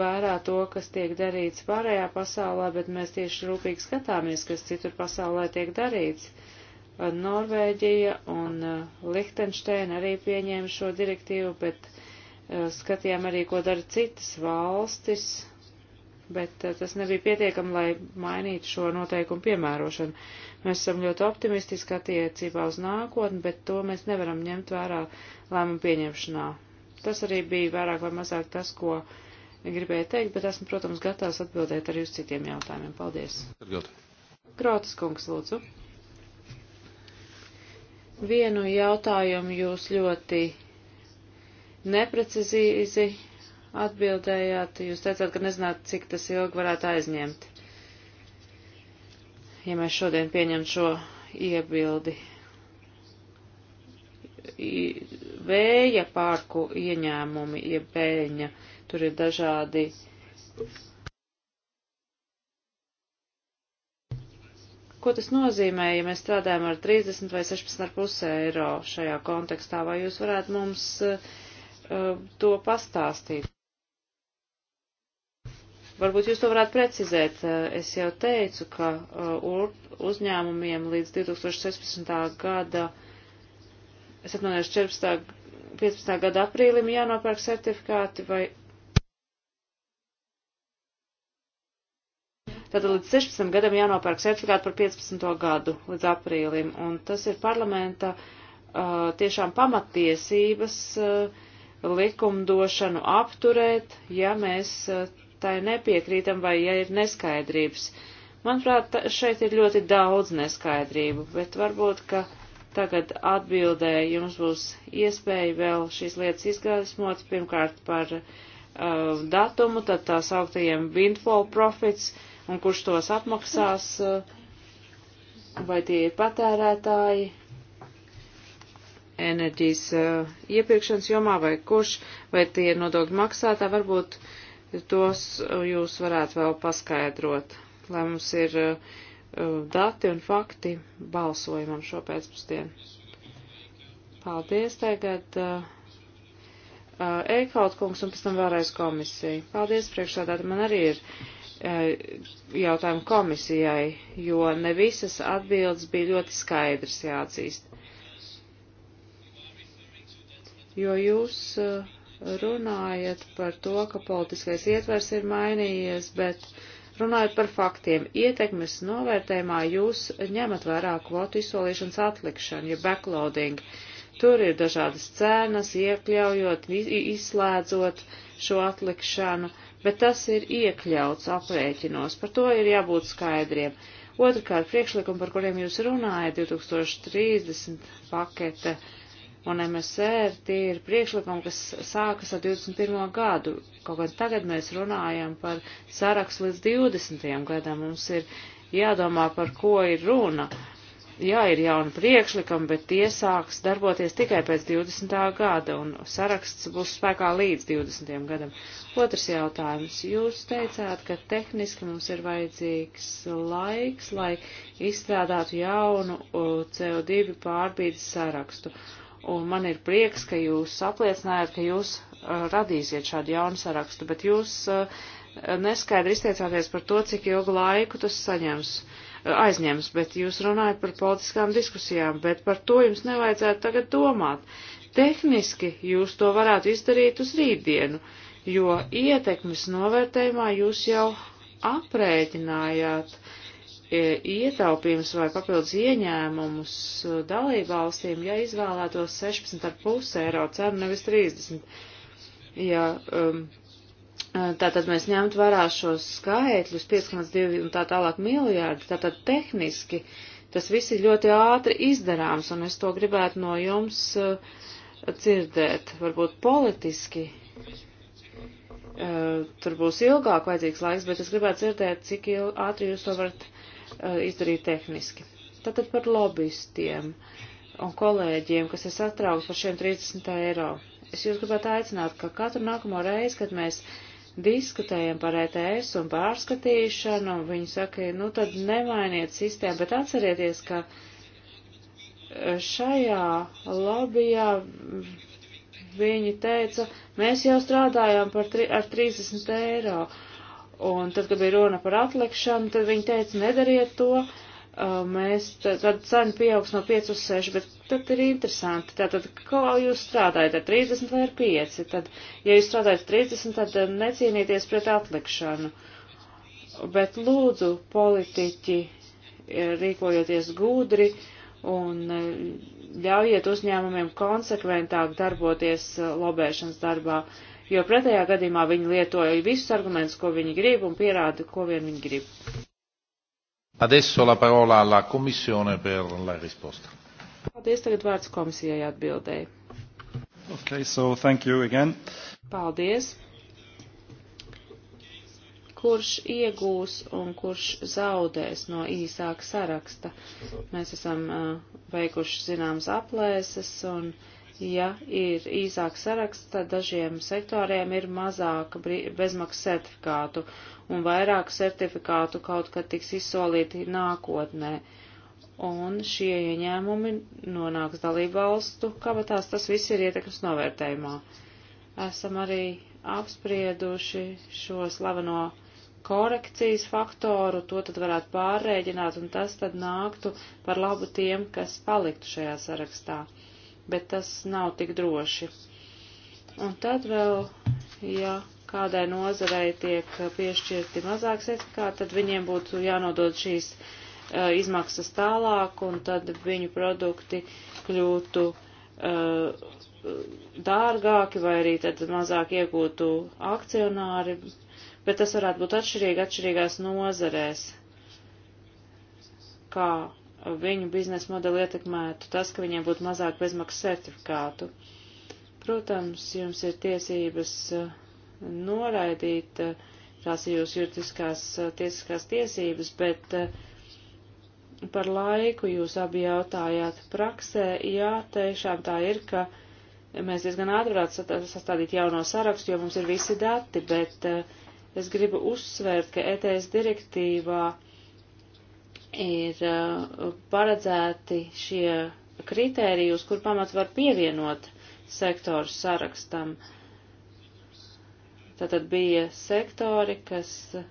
vērā to, kas tiek darīts pārējā pasaulē, bet mēs tieši rūpīgi skatāmies, kas citur pasaulē tiek darīts. Norvēģija un uh, Lihtenšteina arī pieņēma šo direktīvu, bet uh, skatījām arī, ko dara citas valstis, bet eh, tas nebija pietiekami, lai mainītu šo noteikumu piemērošanu. Mēs esam ļoti optimistiski attiecībā uz nākotni, bet to mēs nevaram ņemt vērā lēmumu pieņemšanā. Tas arī bija vairāk vai mazāk tas, ko gribēju teikt, bet esmu, protams, gatavs atbildēt arī uz citiem jautājumiem. Paldies! Krotas kungs, lūdzu. Vienu jautājumu jūs ļoti neprecizīzi atbildējāt, jūs teicāt, ka nezināt, cik tas ilgi varētu aizņemt, ja mēs šodien pieņem šo iebildi. Vēja pārku ieņēmumi, jeb ja pēļņa, tur ir dažādi. Ko tas nozīmē, ja mēs strādājam ar 30 vai 16,5 eiro šajā kontekstā, vai jūs varētu mums uh, to pastāstīt? Varbūt jūs to varētu precizēt. Eh, es jau teicu, ka eh, uzņēmumiem līdz 2016. gada, es atmanēšu 14. 15. gada aprīlim jānopērk certifikāti vai. Tātad līdz 16 gadam jānopērk certifikāti par 15. gadu līdz aprīlim, un tas ir parlamenta uh, tiešām pamatiesības uh, likumdošanu apturēt, ja mēs uh, tai nepiekrītam vai ja ir neskaidrības. Manuprāt, šeit ir ļoti daudz neskaidrību, bet varbūt, ka tagad atbildē jums būs iespēja vēl šīs lietas izgaismot, pirmkārt par uh, datumu, tad tās augtajiem windfall profits un kurš tos apmaksās, uh, vai tie ir patērētāji, enerģijas uh, iepirkšanas jomā, vai kurš, vai tie ir nodokļu maksātā, varbūt uh, tos uh, jūs varētu vēl paskaidrot, lai mums ir uh, uh, dati un fakti balsojumam šo pēcpusdienu. Paldies tagad uh, Eikaut kungs un pēc tam vēlreiz komisija. Paldies priekšsādāt, man arī ir uh, jautājumi komisijai, jo ne visas atbildes bija ļoti skaidrs jāatzīst. Jo jūs uh, runājat par to, ka politiskais ietvers ir mainījies, bet runājot par faktiem, ietekmes novērtējumā jūs ņemat vērā kvotu izsolīšanas atlikšanu, ja backloading. Tur ir dažādas cenas, iekļaujot, izslēdzot šo atlikšanu, bet tas ir iekļauts aprēķinos. Par to ir jābūt skaidriem. Otrakārt, priekšlikumi, par kuriem jūs runājat, 2030 pakete un MSR tie ir priekšlikumi, kas sākas ar 21. gadu. Kaut gan tagad mēs runājam par sarakstu līdz 20. gadam, mums ir jādomā, par ko ir runa. Jā, ir jauni priekšlikumi, bet tie sāks darboties tikai pēc 20. gada, un saraksts būs spēkā līdz 20. gadam. Otrs jautājums. Jūs teicāt, ka tehniski mums ir vajadzīgs laiks, lai izstrādātu jaunu CO2 pārbīdes sarakstu. Uh, un man ir prieks, ka jūs apliecinājāt, ka jūs uh, radīsiet šādu jaunu sarakstu, bet jūs uh, neskaidri izteicāties par to, cik ilgu laiku tas saņems, uh, aizņems, bet jūs runājat par politiskām diskusijām, bet par to jums nevajadzētu tagad domāt. Tehniski jūs to varētu izdarīt uz rītdienu, jo ietekmes novērtējumā jūs jau aprēķinājāt uh, E, ietaupījumus vai papildus ieņēmumus e, dalībvalstīm, ja izvēlētos 16,5 eiro cenu, nevis 30. Ja, um, e, Tātad mēs ņemtu vērā šos skaitļus, 5,2 un tā tālāk miljārdi, tātad tehniski tas viss ir ļoti ātri izdarāms, un es to gribētu no jums uh, dzirdēt, varbūt politiski. Uh, tur būs ilgāk vajadzīgs laiks, bet es gribētu dzirdēt, cik ātri jūs to varat Eh, izdarīt tehniski. Tātad par lobbystiem un kolēģiem, kas ir satraukti par šiem 30 eiro. Es jūs gribētu aicināt, ka katru nākamo reizi, kad mēs diskutējam par ETS un pārskatīšanu, viņi saka, nu tad nemainiet sistēmu, bet atcerieties, ka eh, šajā lobbyjā viņi teica, mēs jau strādājām par, ar 30 eiro. Uh, Un tad, kad bija runa par atlikšanu, tad viņi teica, nedariet to, uh, mēs, tad, tad cena pieaugs no 5 uz 6, bet tad ir interesanti, tātad, ko jūs strādājat ar 30 vai ar 5, tad, ja jūs strādājat 30, tad uh, necīnieties pret atlikšanu. Bet lūdzu, politiķi, eh, rīkojoties gudri un eh, ļaujiet uzņēmumiem konsekventāk darboties eh, lobēšanas darbā. Uh, jo pretējā gadījumā viņi lietoja visus argumentus, ko viņi grib un pierāda, ko vien viņi grib. Adesso la parola alla Commissione per la risposta. Paldies, tagad vārds komisijai atbildēji. Okay, so thank you again. Paldies. Kurš iegūs un kurš zaudēs no īsāka saraksta? Mēs esam uh, veikuši zināmas aplēses un uh, ja ir īsāks saraksts, tad dažiem sektoriem ir mazāk bezmaksas certifikātu un vairāk certifikātu kaut kad tiks izsolīti nākotnē. Un šie ieņēmumi nonāks dalību valstu kabatās, tas viss ir ietekmes novērtējumā. Esam arī apsprieduši šo slaveno korekcijas faktoru, to tad varētu pārrēģināt, un tas tad nāktu par labu tiem, kas paliktu šajā sarakstā bet tas nav tik droši. Un tad vēl, ja kādai nozarei tiek piešķirti mazāk certifikāti, tad viņiem būtu jānodod šīs uh, izmaksas tālāk, un tad viņu produkti kļūtu uh, dārgāki vai arī tad mazāk iegūtu akcionāri, bet tas varētu būt atšķirīgi atšķirīgās nozarēs, kā viņu biznesa modeli ietekmētu tas, ka viņiem būtu mazāk bezmaksas certifikātu. Protams, jums ir tiesības eh, noraidīt eh, tās jūsu juridiskās eh, tiesiskās tiesības, bet par laiku jūs abi jautājāt praksē, jā, tiešām tā ir, ka mēs diezgan ātri varētu sastādīt jauno sarakstu, jo mums ir visi dati, bet es gribu uzsvērt, ka ETS direktīvā ir uh, paredzēti šie kritēriji, uz kur pamats var pievienot sektoru sarakstam. Tātad bija sektori, kas uh,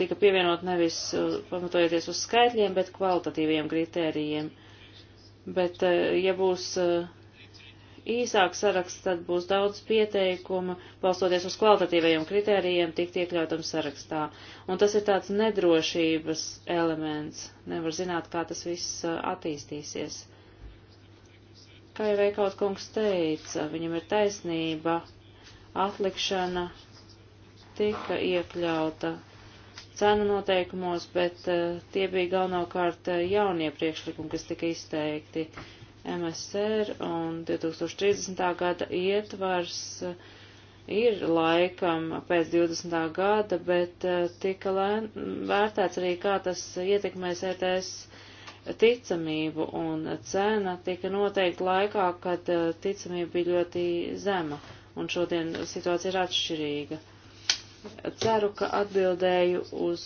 tika pievienot nevis uh, pamatojoties uz skaitļiem, bet kvalitatīviem kritērijiem. Bet, ja būs īsāks saraksts, tad būs daudz pieteikumu, balstoties uz kvalitatīvajiem kritērijiem, tikt iekļautam sarakstā. Un tas ir tāds nedrošības elements. Nevar zināt, kā tas viss attīstīsies. Kā jau Veikaut kungs teica, viņam ir taisnība, atlikšana tika iekļauta cenu noteikumos, bet tie bija galvenokārt jaunie priekšlikumi, kas tika izteikti. Uh, MSR un 2030. gada ietvars eh, ir laikam pēc 20. gada, bet eh, tika lēn, vērtēts arī, kā tas ietekmēs ETS ticamību, un cena tika noteikta laikā, kad eh, ticamība bija ļoti zema, un šodien situācija ir atšķirīga. Ceru, ka atbildēju uz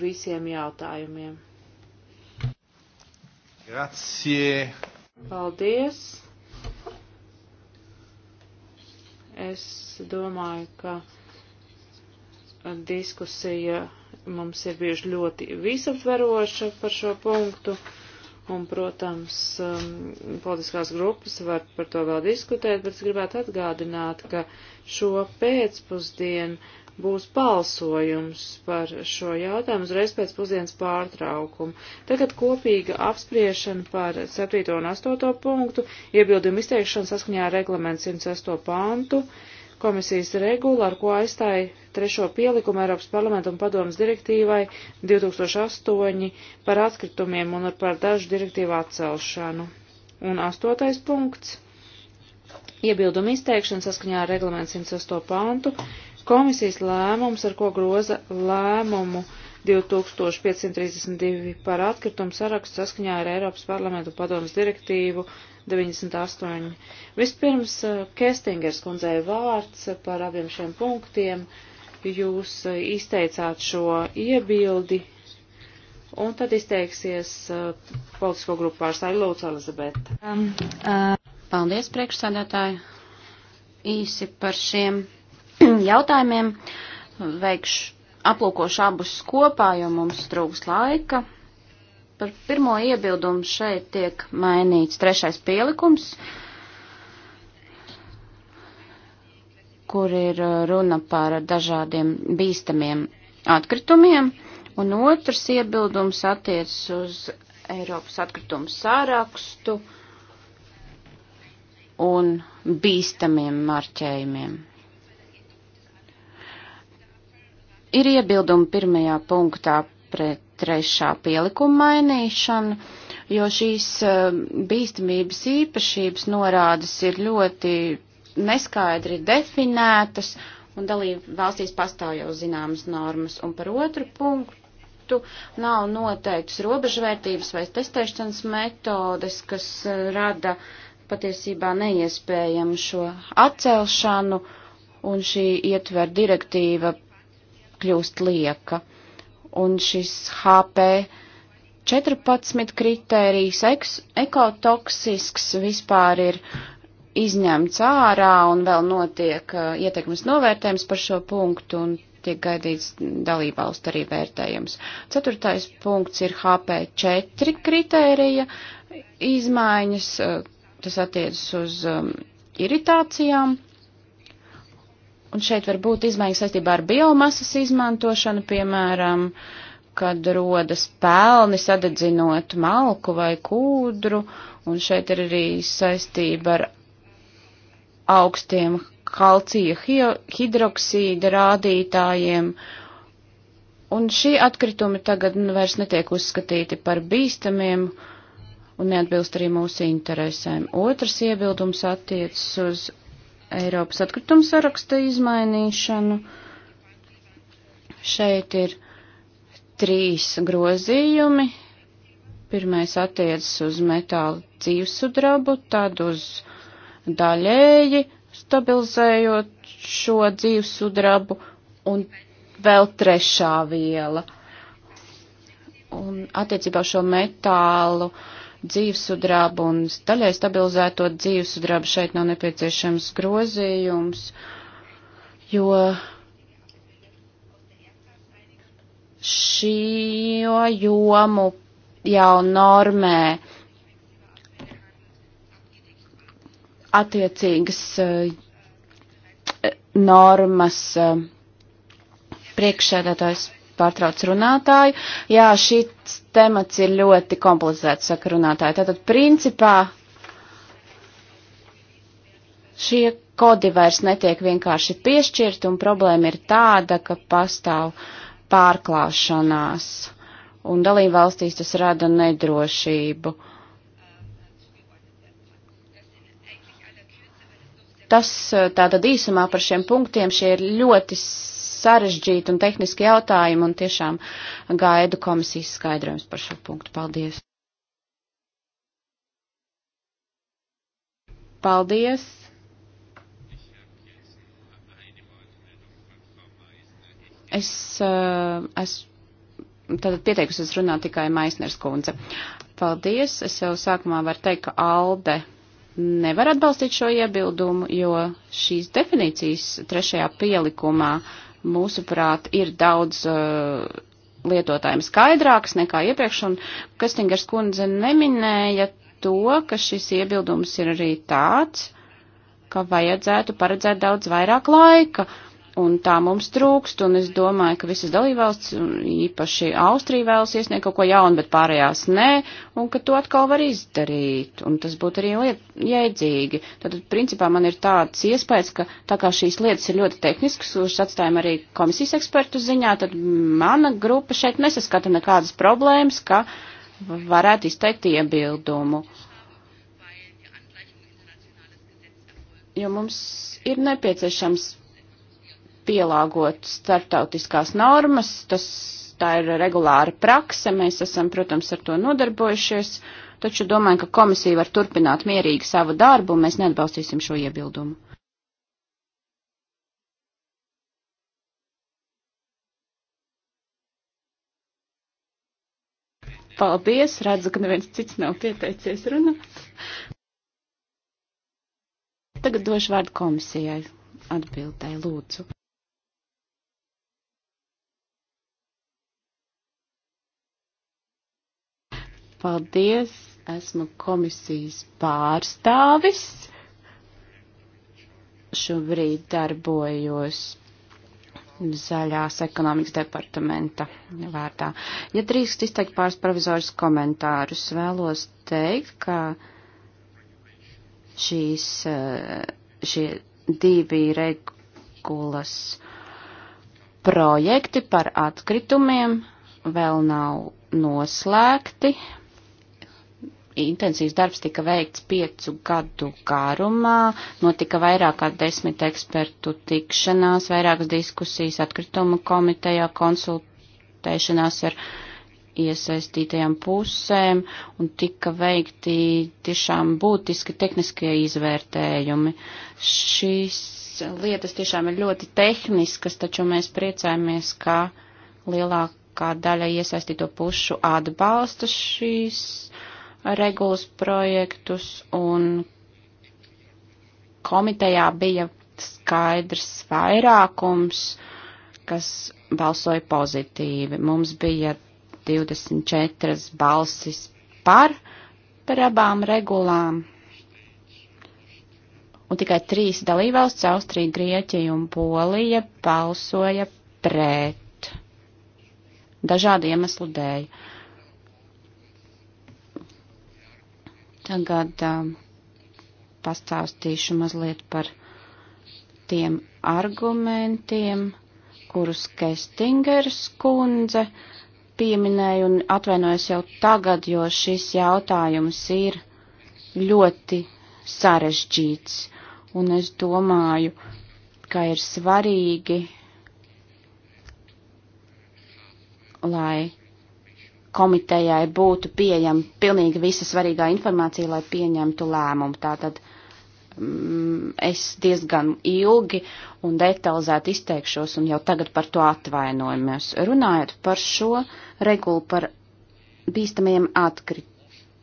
visiem jautājumiem. Grazie Paldies! Es domāju, ka diskusija mums ir bijuši ļoti visaptveroša par šo punktu, un, protams, um, politiskās grupas var par to vēl diskutēt, bet es gribētu atgādināt, ka šo pēcpusdienu būs balsojums par šo jautājumu uzreiz pēc pusdienas pārtraukumu. Tagad kopīga apspriešana par 7. un 8. punktu, iebildumu izteikšanu saskaņā ar reglamentu 106. pantu, komisijas regulu, ar ko aizstāja trešo pielikumu Eiropas parlamentu un padomas direktīvai 2008 par atkritumiem un par dažu direktīvu atcelšanu. Un 8. punkts. Iebildumu izteikšana saskaņā ar reglamentu 106. pantu komisijas lēmums, ar ko groza lēmumu 2532 par atkritumu sarakstu saskaņā ar Eiropas parlamentu padomas direktīvu 98. Vispirms eh, Kestingers kundzei vārds par abiem šiem punktiem. Jūs eh, izteicāt šo iebildi, un tad izteiksies eh, politisko grupu pārstāvju Lūdzu Elizabete. Um, uh, paldies, priekšsādātāji. Īsi par šiem jautājumiem. Veikšu aplūkošu abus kopā, jo mums trūks laika. Par pirmo iebildumu šeit tiek mainīts trešais pielikums, kur ir uh, runa par dažādiem bīstamiem atkritumiem, un otrs iebildums attiecas uz Eiropas atkritumu sārakstu un bīstamiem marķējumiem. Ir iebildumi pirmajā punktā pret trešā pielikuma mainīšanu, jo šīs e, bīstamības īpašības norādes ir ļoti neskaidri definētas un dalību valstīs pastāv jau zināmas normas. Un par otru punktu nav noteiktas robežvērtības vai testēšanas metodes, kas e, rada patiesībā neiespējamu šo atcelšanu, un šī ietver direktīva kļūst lieka. Un šis HP 14 kritērijs eks, ekotoksisks vispār ir izņemts ārā un vēl notiek uh, ietekmes novērtējums par šo punktu un tiek gaidīts dalībvalstu arī vērtējums. Ceturtais punkts ir HP4 kritērija izmaiņas, uh, tas attiecas uz um, iritācijām. Un šeit var būt izmaiņas saistībā ar biomasas izmantošanu, piemēram, kad rodas pelni sadedzinot malku vai kūdru, un šeit ir arī saistība ar augstiem kalcija hidroksīda rādītājiem, un šie atkritumi tagad nu, vairs netiek uzskatīti par bīstamiem un neatbilst arī mūsu interesēm. Otrs iebildums attiecas uz Eiropas atkritumu saraksta izmainīšanu. Šeit ir trīs grozījumi. Pirmais attiecas uz metālu dzīvesudrabu, tad uz daļēji stabilizējot šo dzīvesudrabu un vēl trešā viela. Un attiecībā šo metālu uh, dzīvesudrabu un daļai stabilizēto dzīvesudrabu šeit nav nepieciešams grozījums, jo šo jomu jau normē attiecīgas eh, normas eh, priekšsēdētājs pārtrauc runātāju. Jā, šis temats ir ļoti komplicēts, saka runātāji. Tātad, principā, šie kodi vairs netiek vienkārši piešķirt, un problēma ir tāda, ka pastāv pārklāšanās, un dalībvalstīs tas rada nedrošību. Tas tātad īsumā par šiem punktiem šie ir ļoti sarežģīti un tehniski jautājumi, un tiešām gaidu komisijas skaidrojums par šo punktu. Paldies! Paldies! Es uh, eh, esmu tātad pieteikusies runāt tikai Maisners kundze. Paldies! Es jau sākumā varu teikt, ka Alde nevar atbalstīt šo iebildumu, jo šīs definīcijas trešajā pielikumā uh, mūsuprāt, ir daudz uh, lietotājiem skaidrāks nekā iepriekš, un Kastingers kundze neminēja to, ka šis iebildums ir arī tāds, ka vajadzētu paredzēt daudz vairāk laika. Uh, un tā mums trūkst, un es domāju, ka visas dalībvalsts, īpaši Austrija vēlas iesniegt kaut ko jaunu, bet pārējās nē, un ka to atkal var izdarīt, un tas būtu arī liet, jēdzīgi. Tad, principā, man ir tāds iespējas, ka tā kā šīs lietas ir ļoti tehniskas, kuras atstājam arī komisijas ekspertu ziņā, tad mana grupa šeit nesaskata nekādas problēmas, ka varētu izteikt iebildumu. Jo mums ir nepieciešams pielāgot starptautiskās normas, tas tā ir regulāra prakse, mēs esam, protams, ar to nodarbojušies, taču domāju, ka komisija var turpināt mierīgi savu darbu, un mēs neatbalstīsim šo iebildumu. Paldies, redzu, ka neviens cits nav pieteicies runa. Tagad došu vārdu komisijai atbildēji, lūdzu. Paldies, esmu komisijas pārstāvis. Šobrīd darbojos zaļās ekonomikas departamenta vārdā. Ja drīkst izteikt pāris provizorus komentārus, vēlos teikt, ka šīs, eh, šie divi regulas projekti par atkritumiem vēl nav noslēgti intensīvs darbs tika veikts piecu gadu garumā, notika vairāk kā desmit ekspertu tikšanās, vairākas diskusijas atkrituma komitejā, konsultēšanās ar iesaistītajām pusēm un tika veikti tiešām būtiski tehniskie izvērtējumi. Šīs lietas tiešām ir ļoti tehniskas, taču mēs priecājamies, ka lielākā daļa iesaistīto pušu atbalsta šīs regulas projektus, un komitejā bija skaidrs vairākums, kas balsoja pozitīvi. Mums bija 24 balsis par, par abām regulām, un tikai trīs dalībvalsts - Austrija, Grieķija un Polija - balsoja pret dažādu iemeslu dēļ. Uh, Tagad um, pastāstīšu mazliet par tiem argumentiem, kurus Kestingers kundze pieminēja un atvainojos jau tagad, jo šis jautājums ir ļoti sarežģīts. Un es domāju, ka ir svarīgi, lai komitejai būtu pieejama pilnīgi visa svarīgā informācija, lai pieņemtu lēmumu. Tātad mm, es diezgan ilgi un detalizēti izteikšos un jau tagad par to atvainojamies. Runājot par šo regulu par bīstamiem, atkri,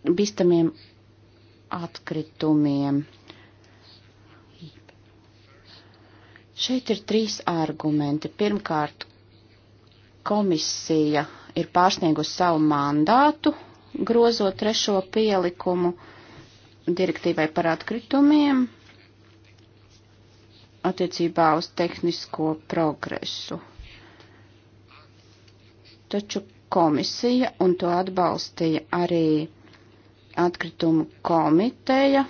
bīstamiem atkritumiem. Šeit ir trīs argumenti. Pirmkārt, komisija ir pārsniegusi savu mandātu, grozot trešo pielikumu direktīvai par atkritumiem attiecībā uz tehnisko progresu. Taču komisija, un to atbalstīja arī atkritumu komiteja,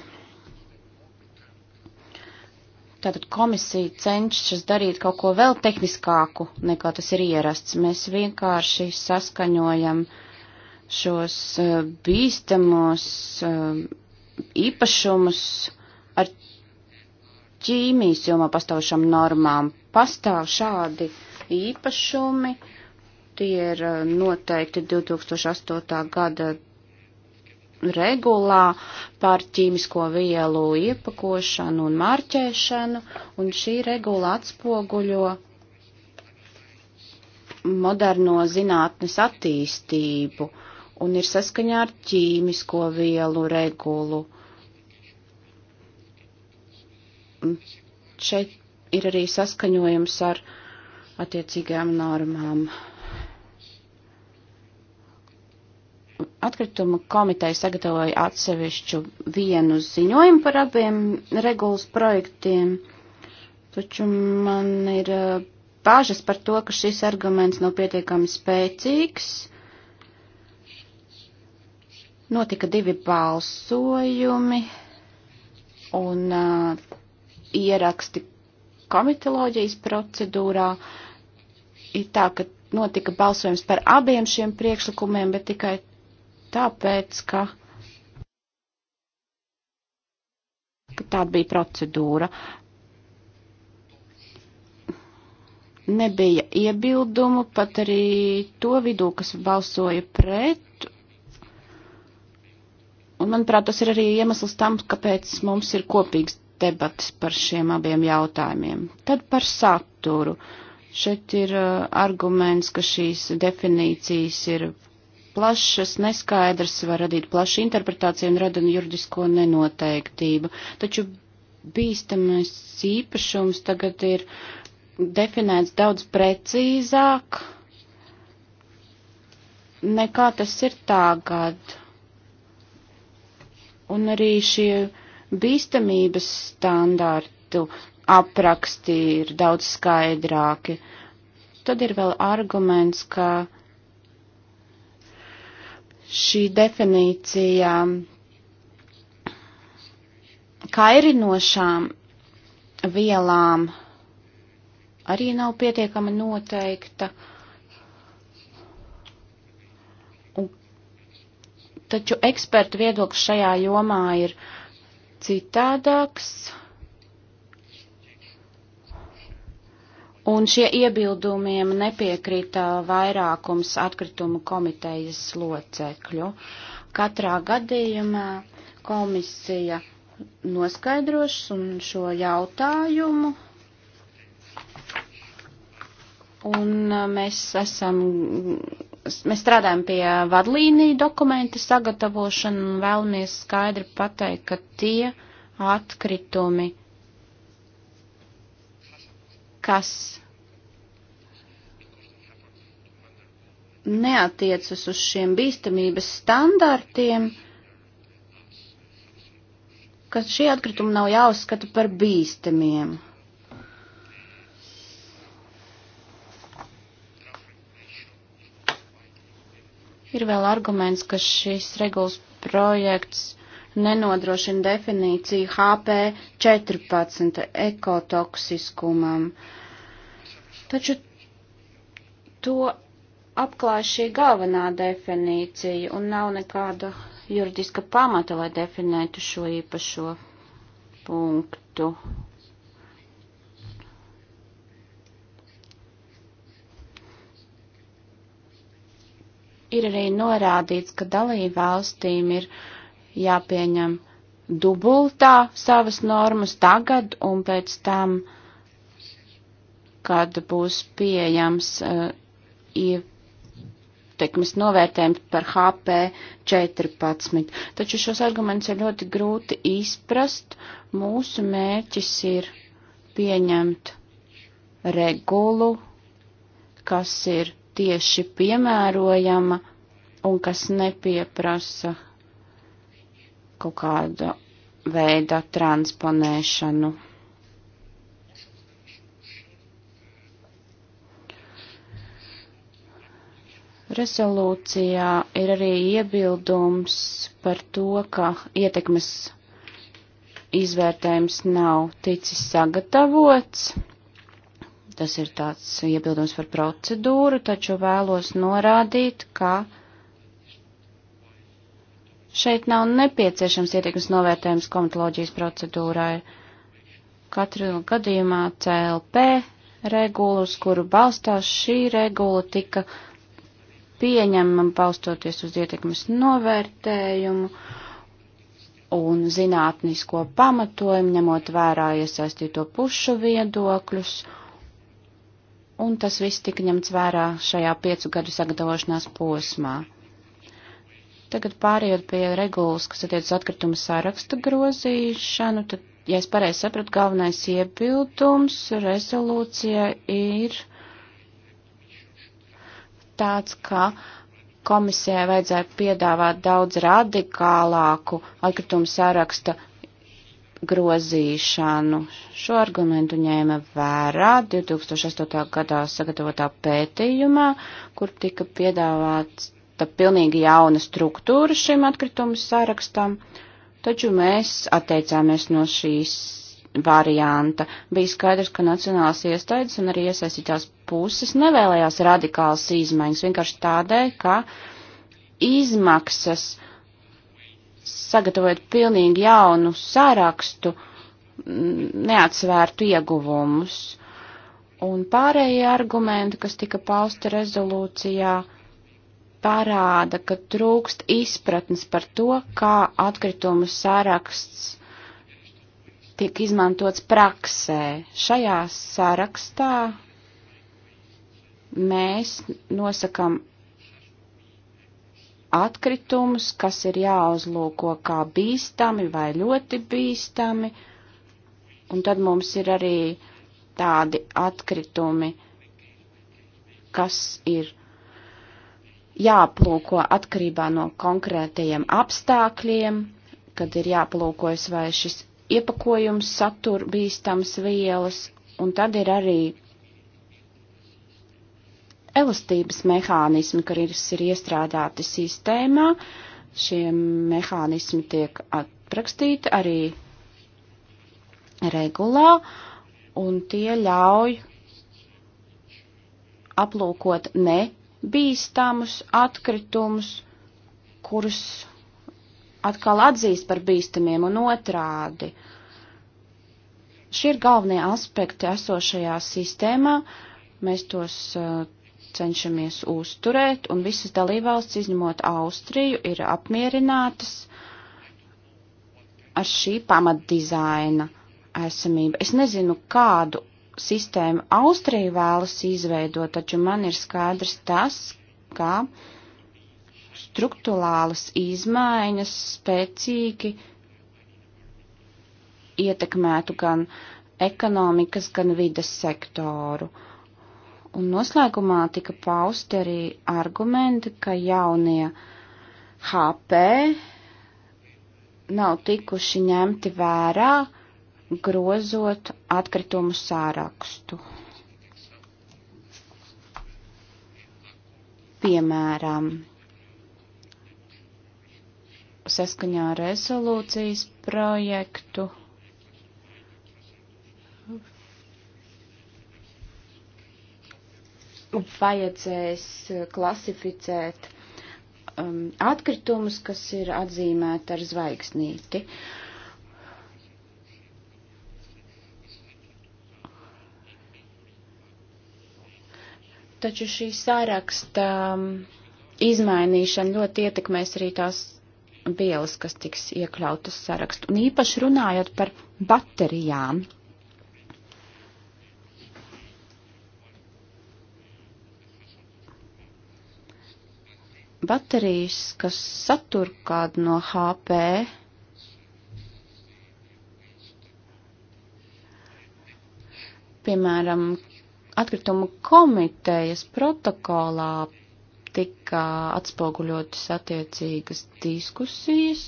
Tātad komisija cenšas darīt kaut ko vēl tehniskāku, nekā tas ir ierasts. Mēs vienkārši saskaņojam šos eh, bīstamos eh, īpašumus ar ķīmijas jomā pastāvušām normām. Pastāv šādi īpašumi, tie ir eh, noteikti 2008. gada regulā par ķīmisko vielu iepakošanu un marķēšanu, un šī regula atspoguļo moderno zinātnes attīstību un ir saskaņā ar ķīmisko vielu regulu. Šeit ir arī saskaņojums ar attiecīgām normām. Atkrituma komiteja sagatavoja atsevišķu vienu ziņojumu par abiem regulas projektiem, taču man ir eh, bāžas par to, ka šis arguments nav pietiekami spēcīgs. Notika divi balsojumi un uh, ieraksti komiteloģijas procedūrā. Ir tā, ka notika balsojums par abiem šiem priekšlikumiem, bet tikai tāpēc, ka, ka tāda bija procedūra. Nebija iebildumu pat arī to vidū, kas balsoja pret. Un, manuprāt, tas ir arī iemesls tam, kāpēc mums ir kopīgs debats par šiem abiem jautājumiem. Tad par saturu. Šeit ir uh, arguments, ka šīs definīcijas ir plašas, neskaidras, var radīt plašu interpretāciju un radina juridisko nenoteiktību. Taču bīstamais īpašums tagad ir definēts daudz precīzāk nekā tas ir tagad. Un arī šie bīstamības standārtu apraksti ir daudz skaidrāki. Tad ir vēl arguments, ka šī definīcija kairinošām vielām arī nav pietiekami noteikta. Un, taču ekspertu viedoklis šajā jomā ir citādāks. Un šie iebildumiem nepiekrita vairākums atkritumu komitejas locekļu. Katrā gadījumā komisija noskaidros un šo jautājumu. Un uh, mēs esam, mēs strādājam pie vadlīniju dokumenta sagatavošanu un vēlamies skaidri pateikt, ka tie atkritumi, kas neatiecas uz šiem bīstamības standartiem, ka šie atkritumi nav jāuzskata par bīstamiem. Ir vēl arguments, ka šis regulas projekts nenodrošina definīciju HP14 ekotoksiskumam. Taču to apklāj šī galvenā definīcija un nav nekāda juridiska pamata, lai definētu šo īpašo punktu. Ir arī norādīts, ka dalību valstīm ir uh, jāpieņem dubultā savas normas tagad un pēc tam, kad būs pieejams uh, ietekmes novērtējums par HP 14. Taču šos argumentus ir ļoti grūti izprast. Mūsu mērķis ir pieņemt regulu, kas ir tieši piemērojama un kas nepieprasa kaut kāda veida transponēšanu. Rezolūcijā ir arī iebildums par to, ka ietekmes izvērtējums nav ticis sagatavots. Tas ir tāds iebildums par procedūru, taču vēlos norādīt, ka Šeit nav nepieciešams ietekmes novērtējums komitoloģijas procedūrai. Katru gadījumā CLP regula, uz kuru balstās šī regula, tika pieņemama balstoties uz ietekmes novērtējumu un zinātnisko pamatojumu, ņemot vērā iesaistīto pušu viedokļus. Un tas viss tika ņemts vērā šajā piecu gadu sagatavošanās posmā. Tagad pārējot pie regulas, kas attiec atkrituma saraksta grozīšanu, tad, ja es pareizi sapratu, galvenais iebildums rezolūcija ir tāds, ka komisijai vajadzētu piedāvāt daudz radikālāku atkritumu saraksta grozīšanu. Šo argumentu ņēma vērā 2008. gadā sagatavotā pētījumā, kur tika piedāvāts izveidota pilnīgi jauna struktūra šim atkritumu sarakstam, taču mēs atteicāmies no šīs varianta. Bija skaidrs, ka nacionālās iestādes un arī iesaistītās puses nevēlējās radikālas izmaiņas, vienkārši tādēļ, ka izmaksas sagatavot pilnīgi jaunu sārakstu mm, neatsvērtu ieguvumus. Un pārējie argumenti, kas tika pausti rezolūcijā, parāda, ka trūkst izpratnes par to, kā atkritumu saraksts tiek izmantots praksē. Šajā sarakstā mēs nosakam atkritumus, kas ir jāuzlūko kā bīstami vai ļoti bīstami, un tad mums ir arī tādi atkritumi, kas ir jāplūko atkarībā no konkrētajiem apstākļiem, kad ir jāplūkojas, vai šis iepakojums satur bīstams vielas, un tad ir arī elastības mehānismi, kas ir iestrādāti sistēmā. Šie mehānismi tiek aprakstīti arī regulā, un tie ļauj aplūkot ne bīstamus atkritumus, kurus atkal atzīst par bīstamiem un otrādi. Šie ir galvenie aspekti esošajā sistēmā. Mēs tos uh, cenšamies uzturēt, un visas dalībvalsts, izņemot Austriju, ir apmierinātas ar šī pamatdizaina esamību. Es nezinu, kādu sistēmu Austrija vēlas izveidot, taču man ir skaidrs tas, ka struktūrālas izmaiņas spēcīgi ietekmētu gan ekonomikas, gan vides sektoru. Un noslēgumā tika pausti arī argumenti, ka jaunie HP nav tikuši ņemti vērā grozot atkritumu sārakstu. Piemēram, saskaņā ar rezolūcijas projektu vajadzēs klasificēt um, atkritumus, kas ir atzīmēti ar zvaigznīti. Uh, taču šī sāraksta um, izmainīšana ļoti ietekmēs arī tās vielas, kas tiks iekļautas sarakstu. Un īpaši runājot par baterijām. Baterijas, kas satur kādu no HP, piemēram, atkritumu komitejas protokolā tika atspoguļotas attiecīgas diskusijas.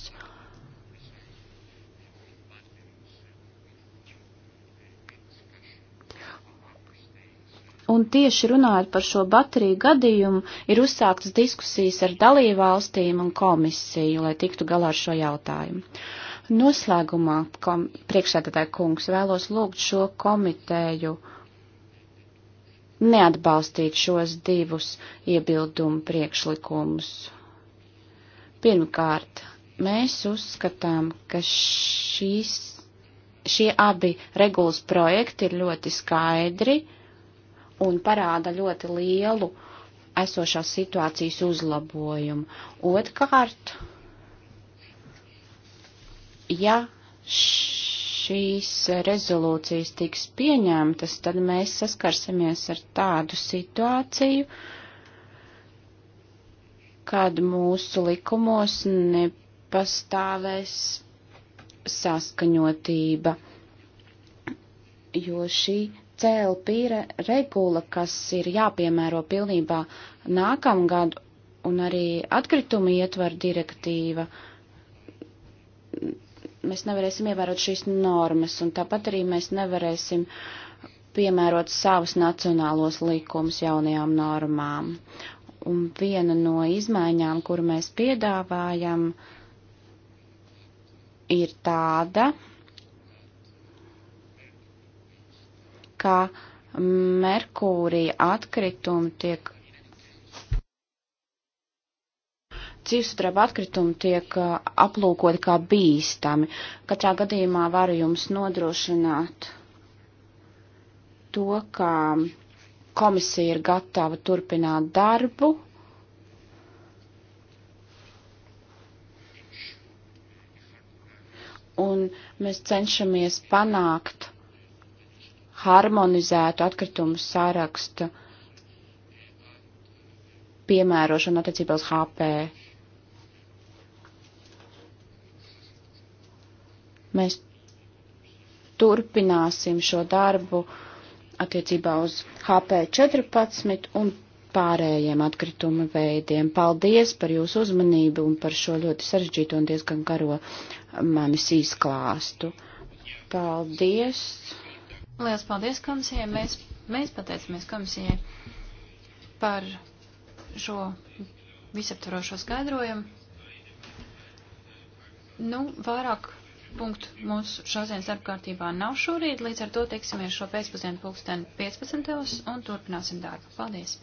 Un tieši runājot par šo bateriju gadījumu, ir uzsāktas diskusijas ar dalībvalstīm un komisiju, lai tiktu galā ar šo jautājumu. Noslēgumā kom, priekšsēdētāja kungs vēlos lūgt šo komiteju uh, neatbalstīt šos divus iebildumu priekšlikumus. Pirmkārt, mēs uzskatām, ka šīs, šie abi regulas projekti ir ļoti skaidri un parāda ļoti lielu esošās situācijas uzlabojumu. Otkārt, ja š šīs rezolūcijas tiks pieņemtas, tad mēs saskarsimies ar tādu situāciju, kad mūsu likumos nepastāvēs saskaņotība, jo šī CLP regula, kas ir jāpiemēro pilnībā nākamgad, un arī atkrituma ietvar direktīva, mēs nevarēsim ievērot šīs normas, un tāpat arī mēs nevarēsim piemērot savus nacionālos likumus jaunajām normām. Un viena no izmaiņām, kuru mēs piedāvājam, ir tāda, ka Merkūrija atkritumi tiek dzīvesudraba atkritumi tiek uh, aplūkoti kā bīstami. Katrā gadījumā varu jums nodrošināt to, ka komisija ir gatava turpināt darbu. Un mēs cenšamies panākt harmonizētu atkritumu sārakstu piemērošanu attiecībā uz HP Mēs turpināsim šo darbu attiecībā uz HP14 un pārējiem atkrituma veidiem. Paldies par jūsu uzmanību un par šo ļoti sarežģīto un diezgan garo um, manis izklāstu. Paldies! Lielas paldies komisijai! Mēs, mēs pateicamies komisijai par šo visaptvarošo skaidrojumu. Nu, vairāk punktu mūsu šodienas apkārtībā nav šorīt, līdz ar to tiksimies šo pēcpusdienu pulksteni 15. un turpināsim darbu. Paldies!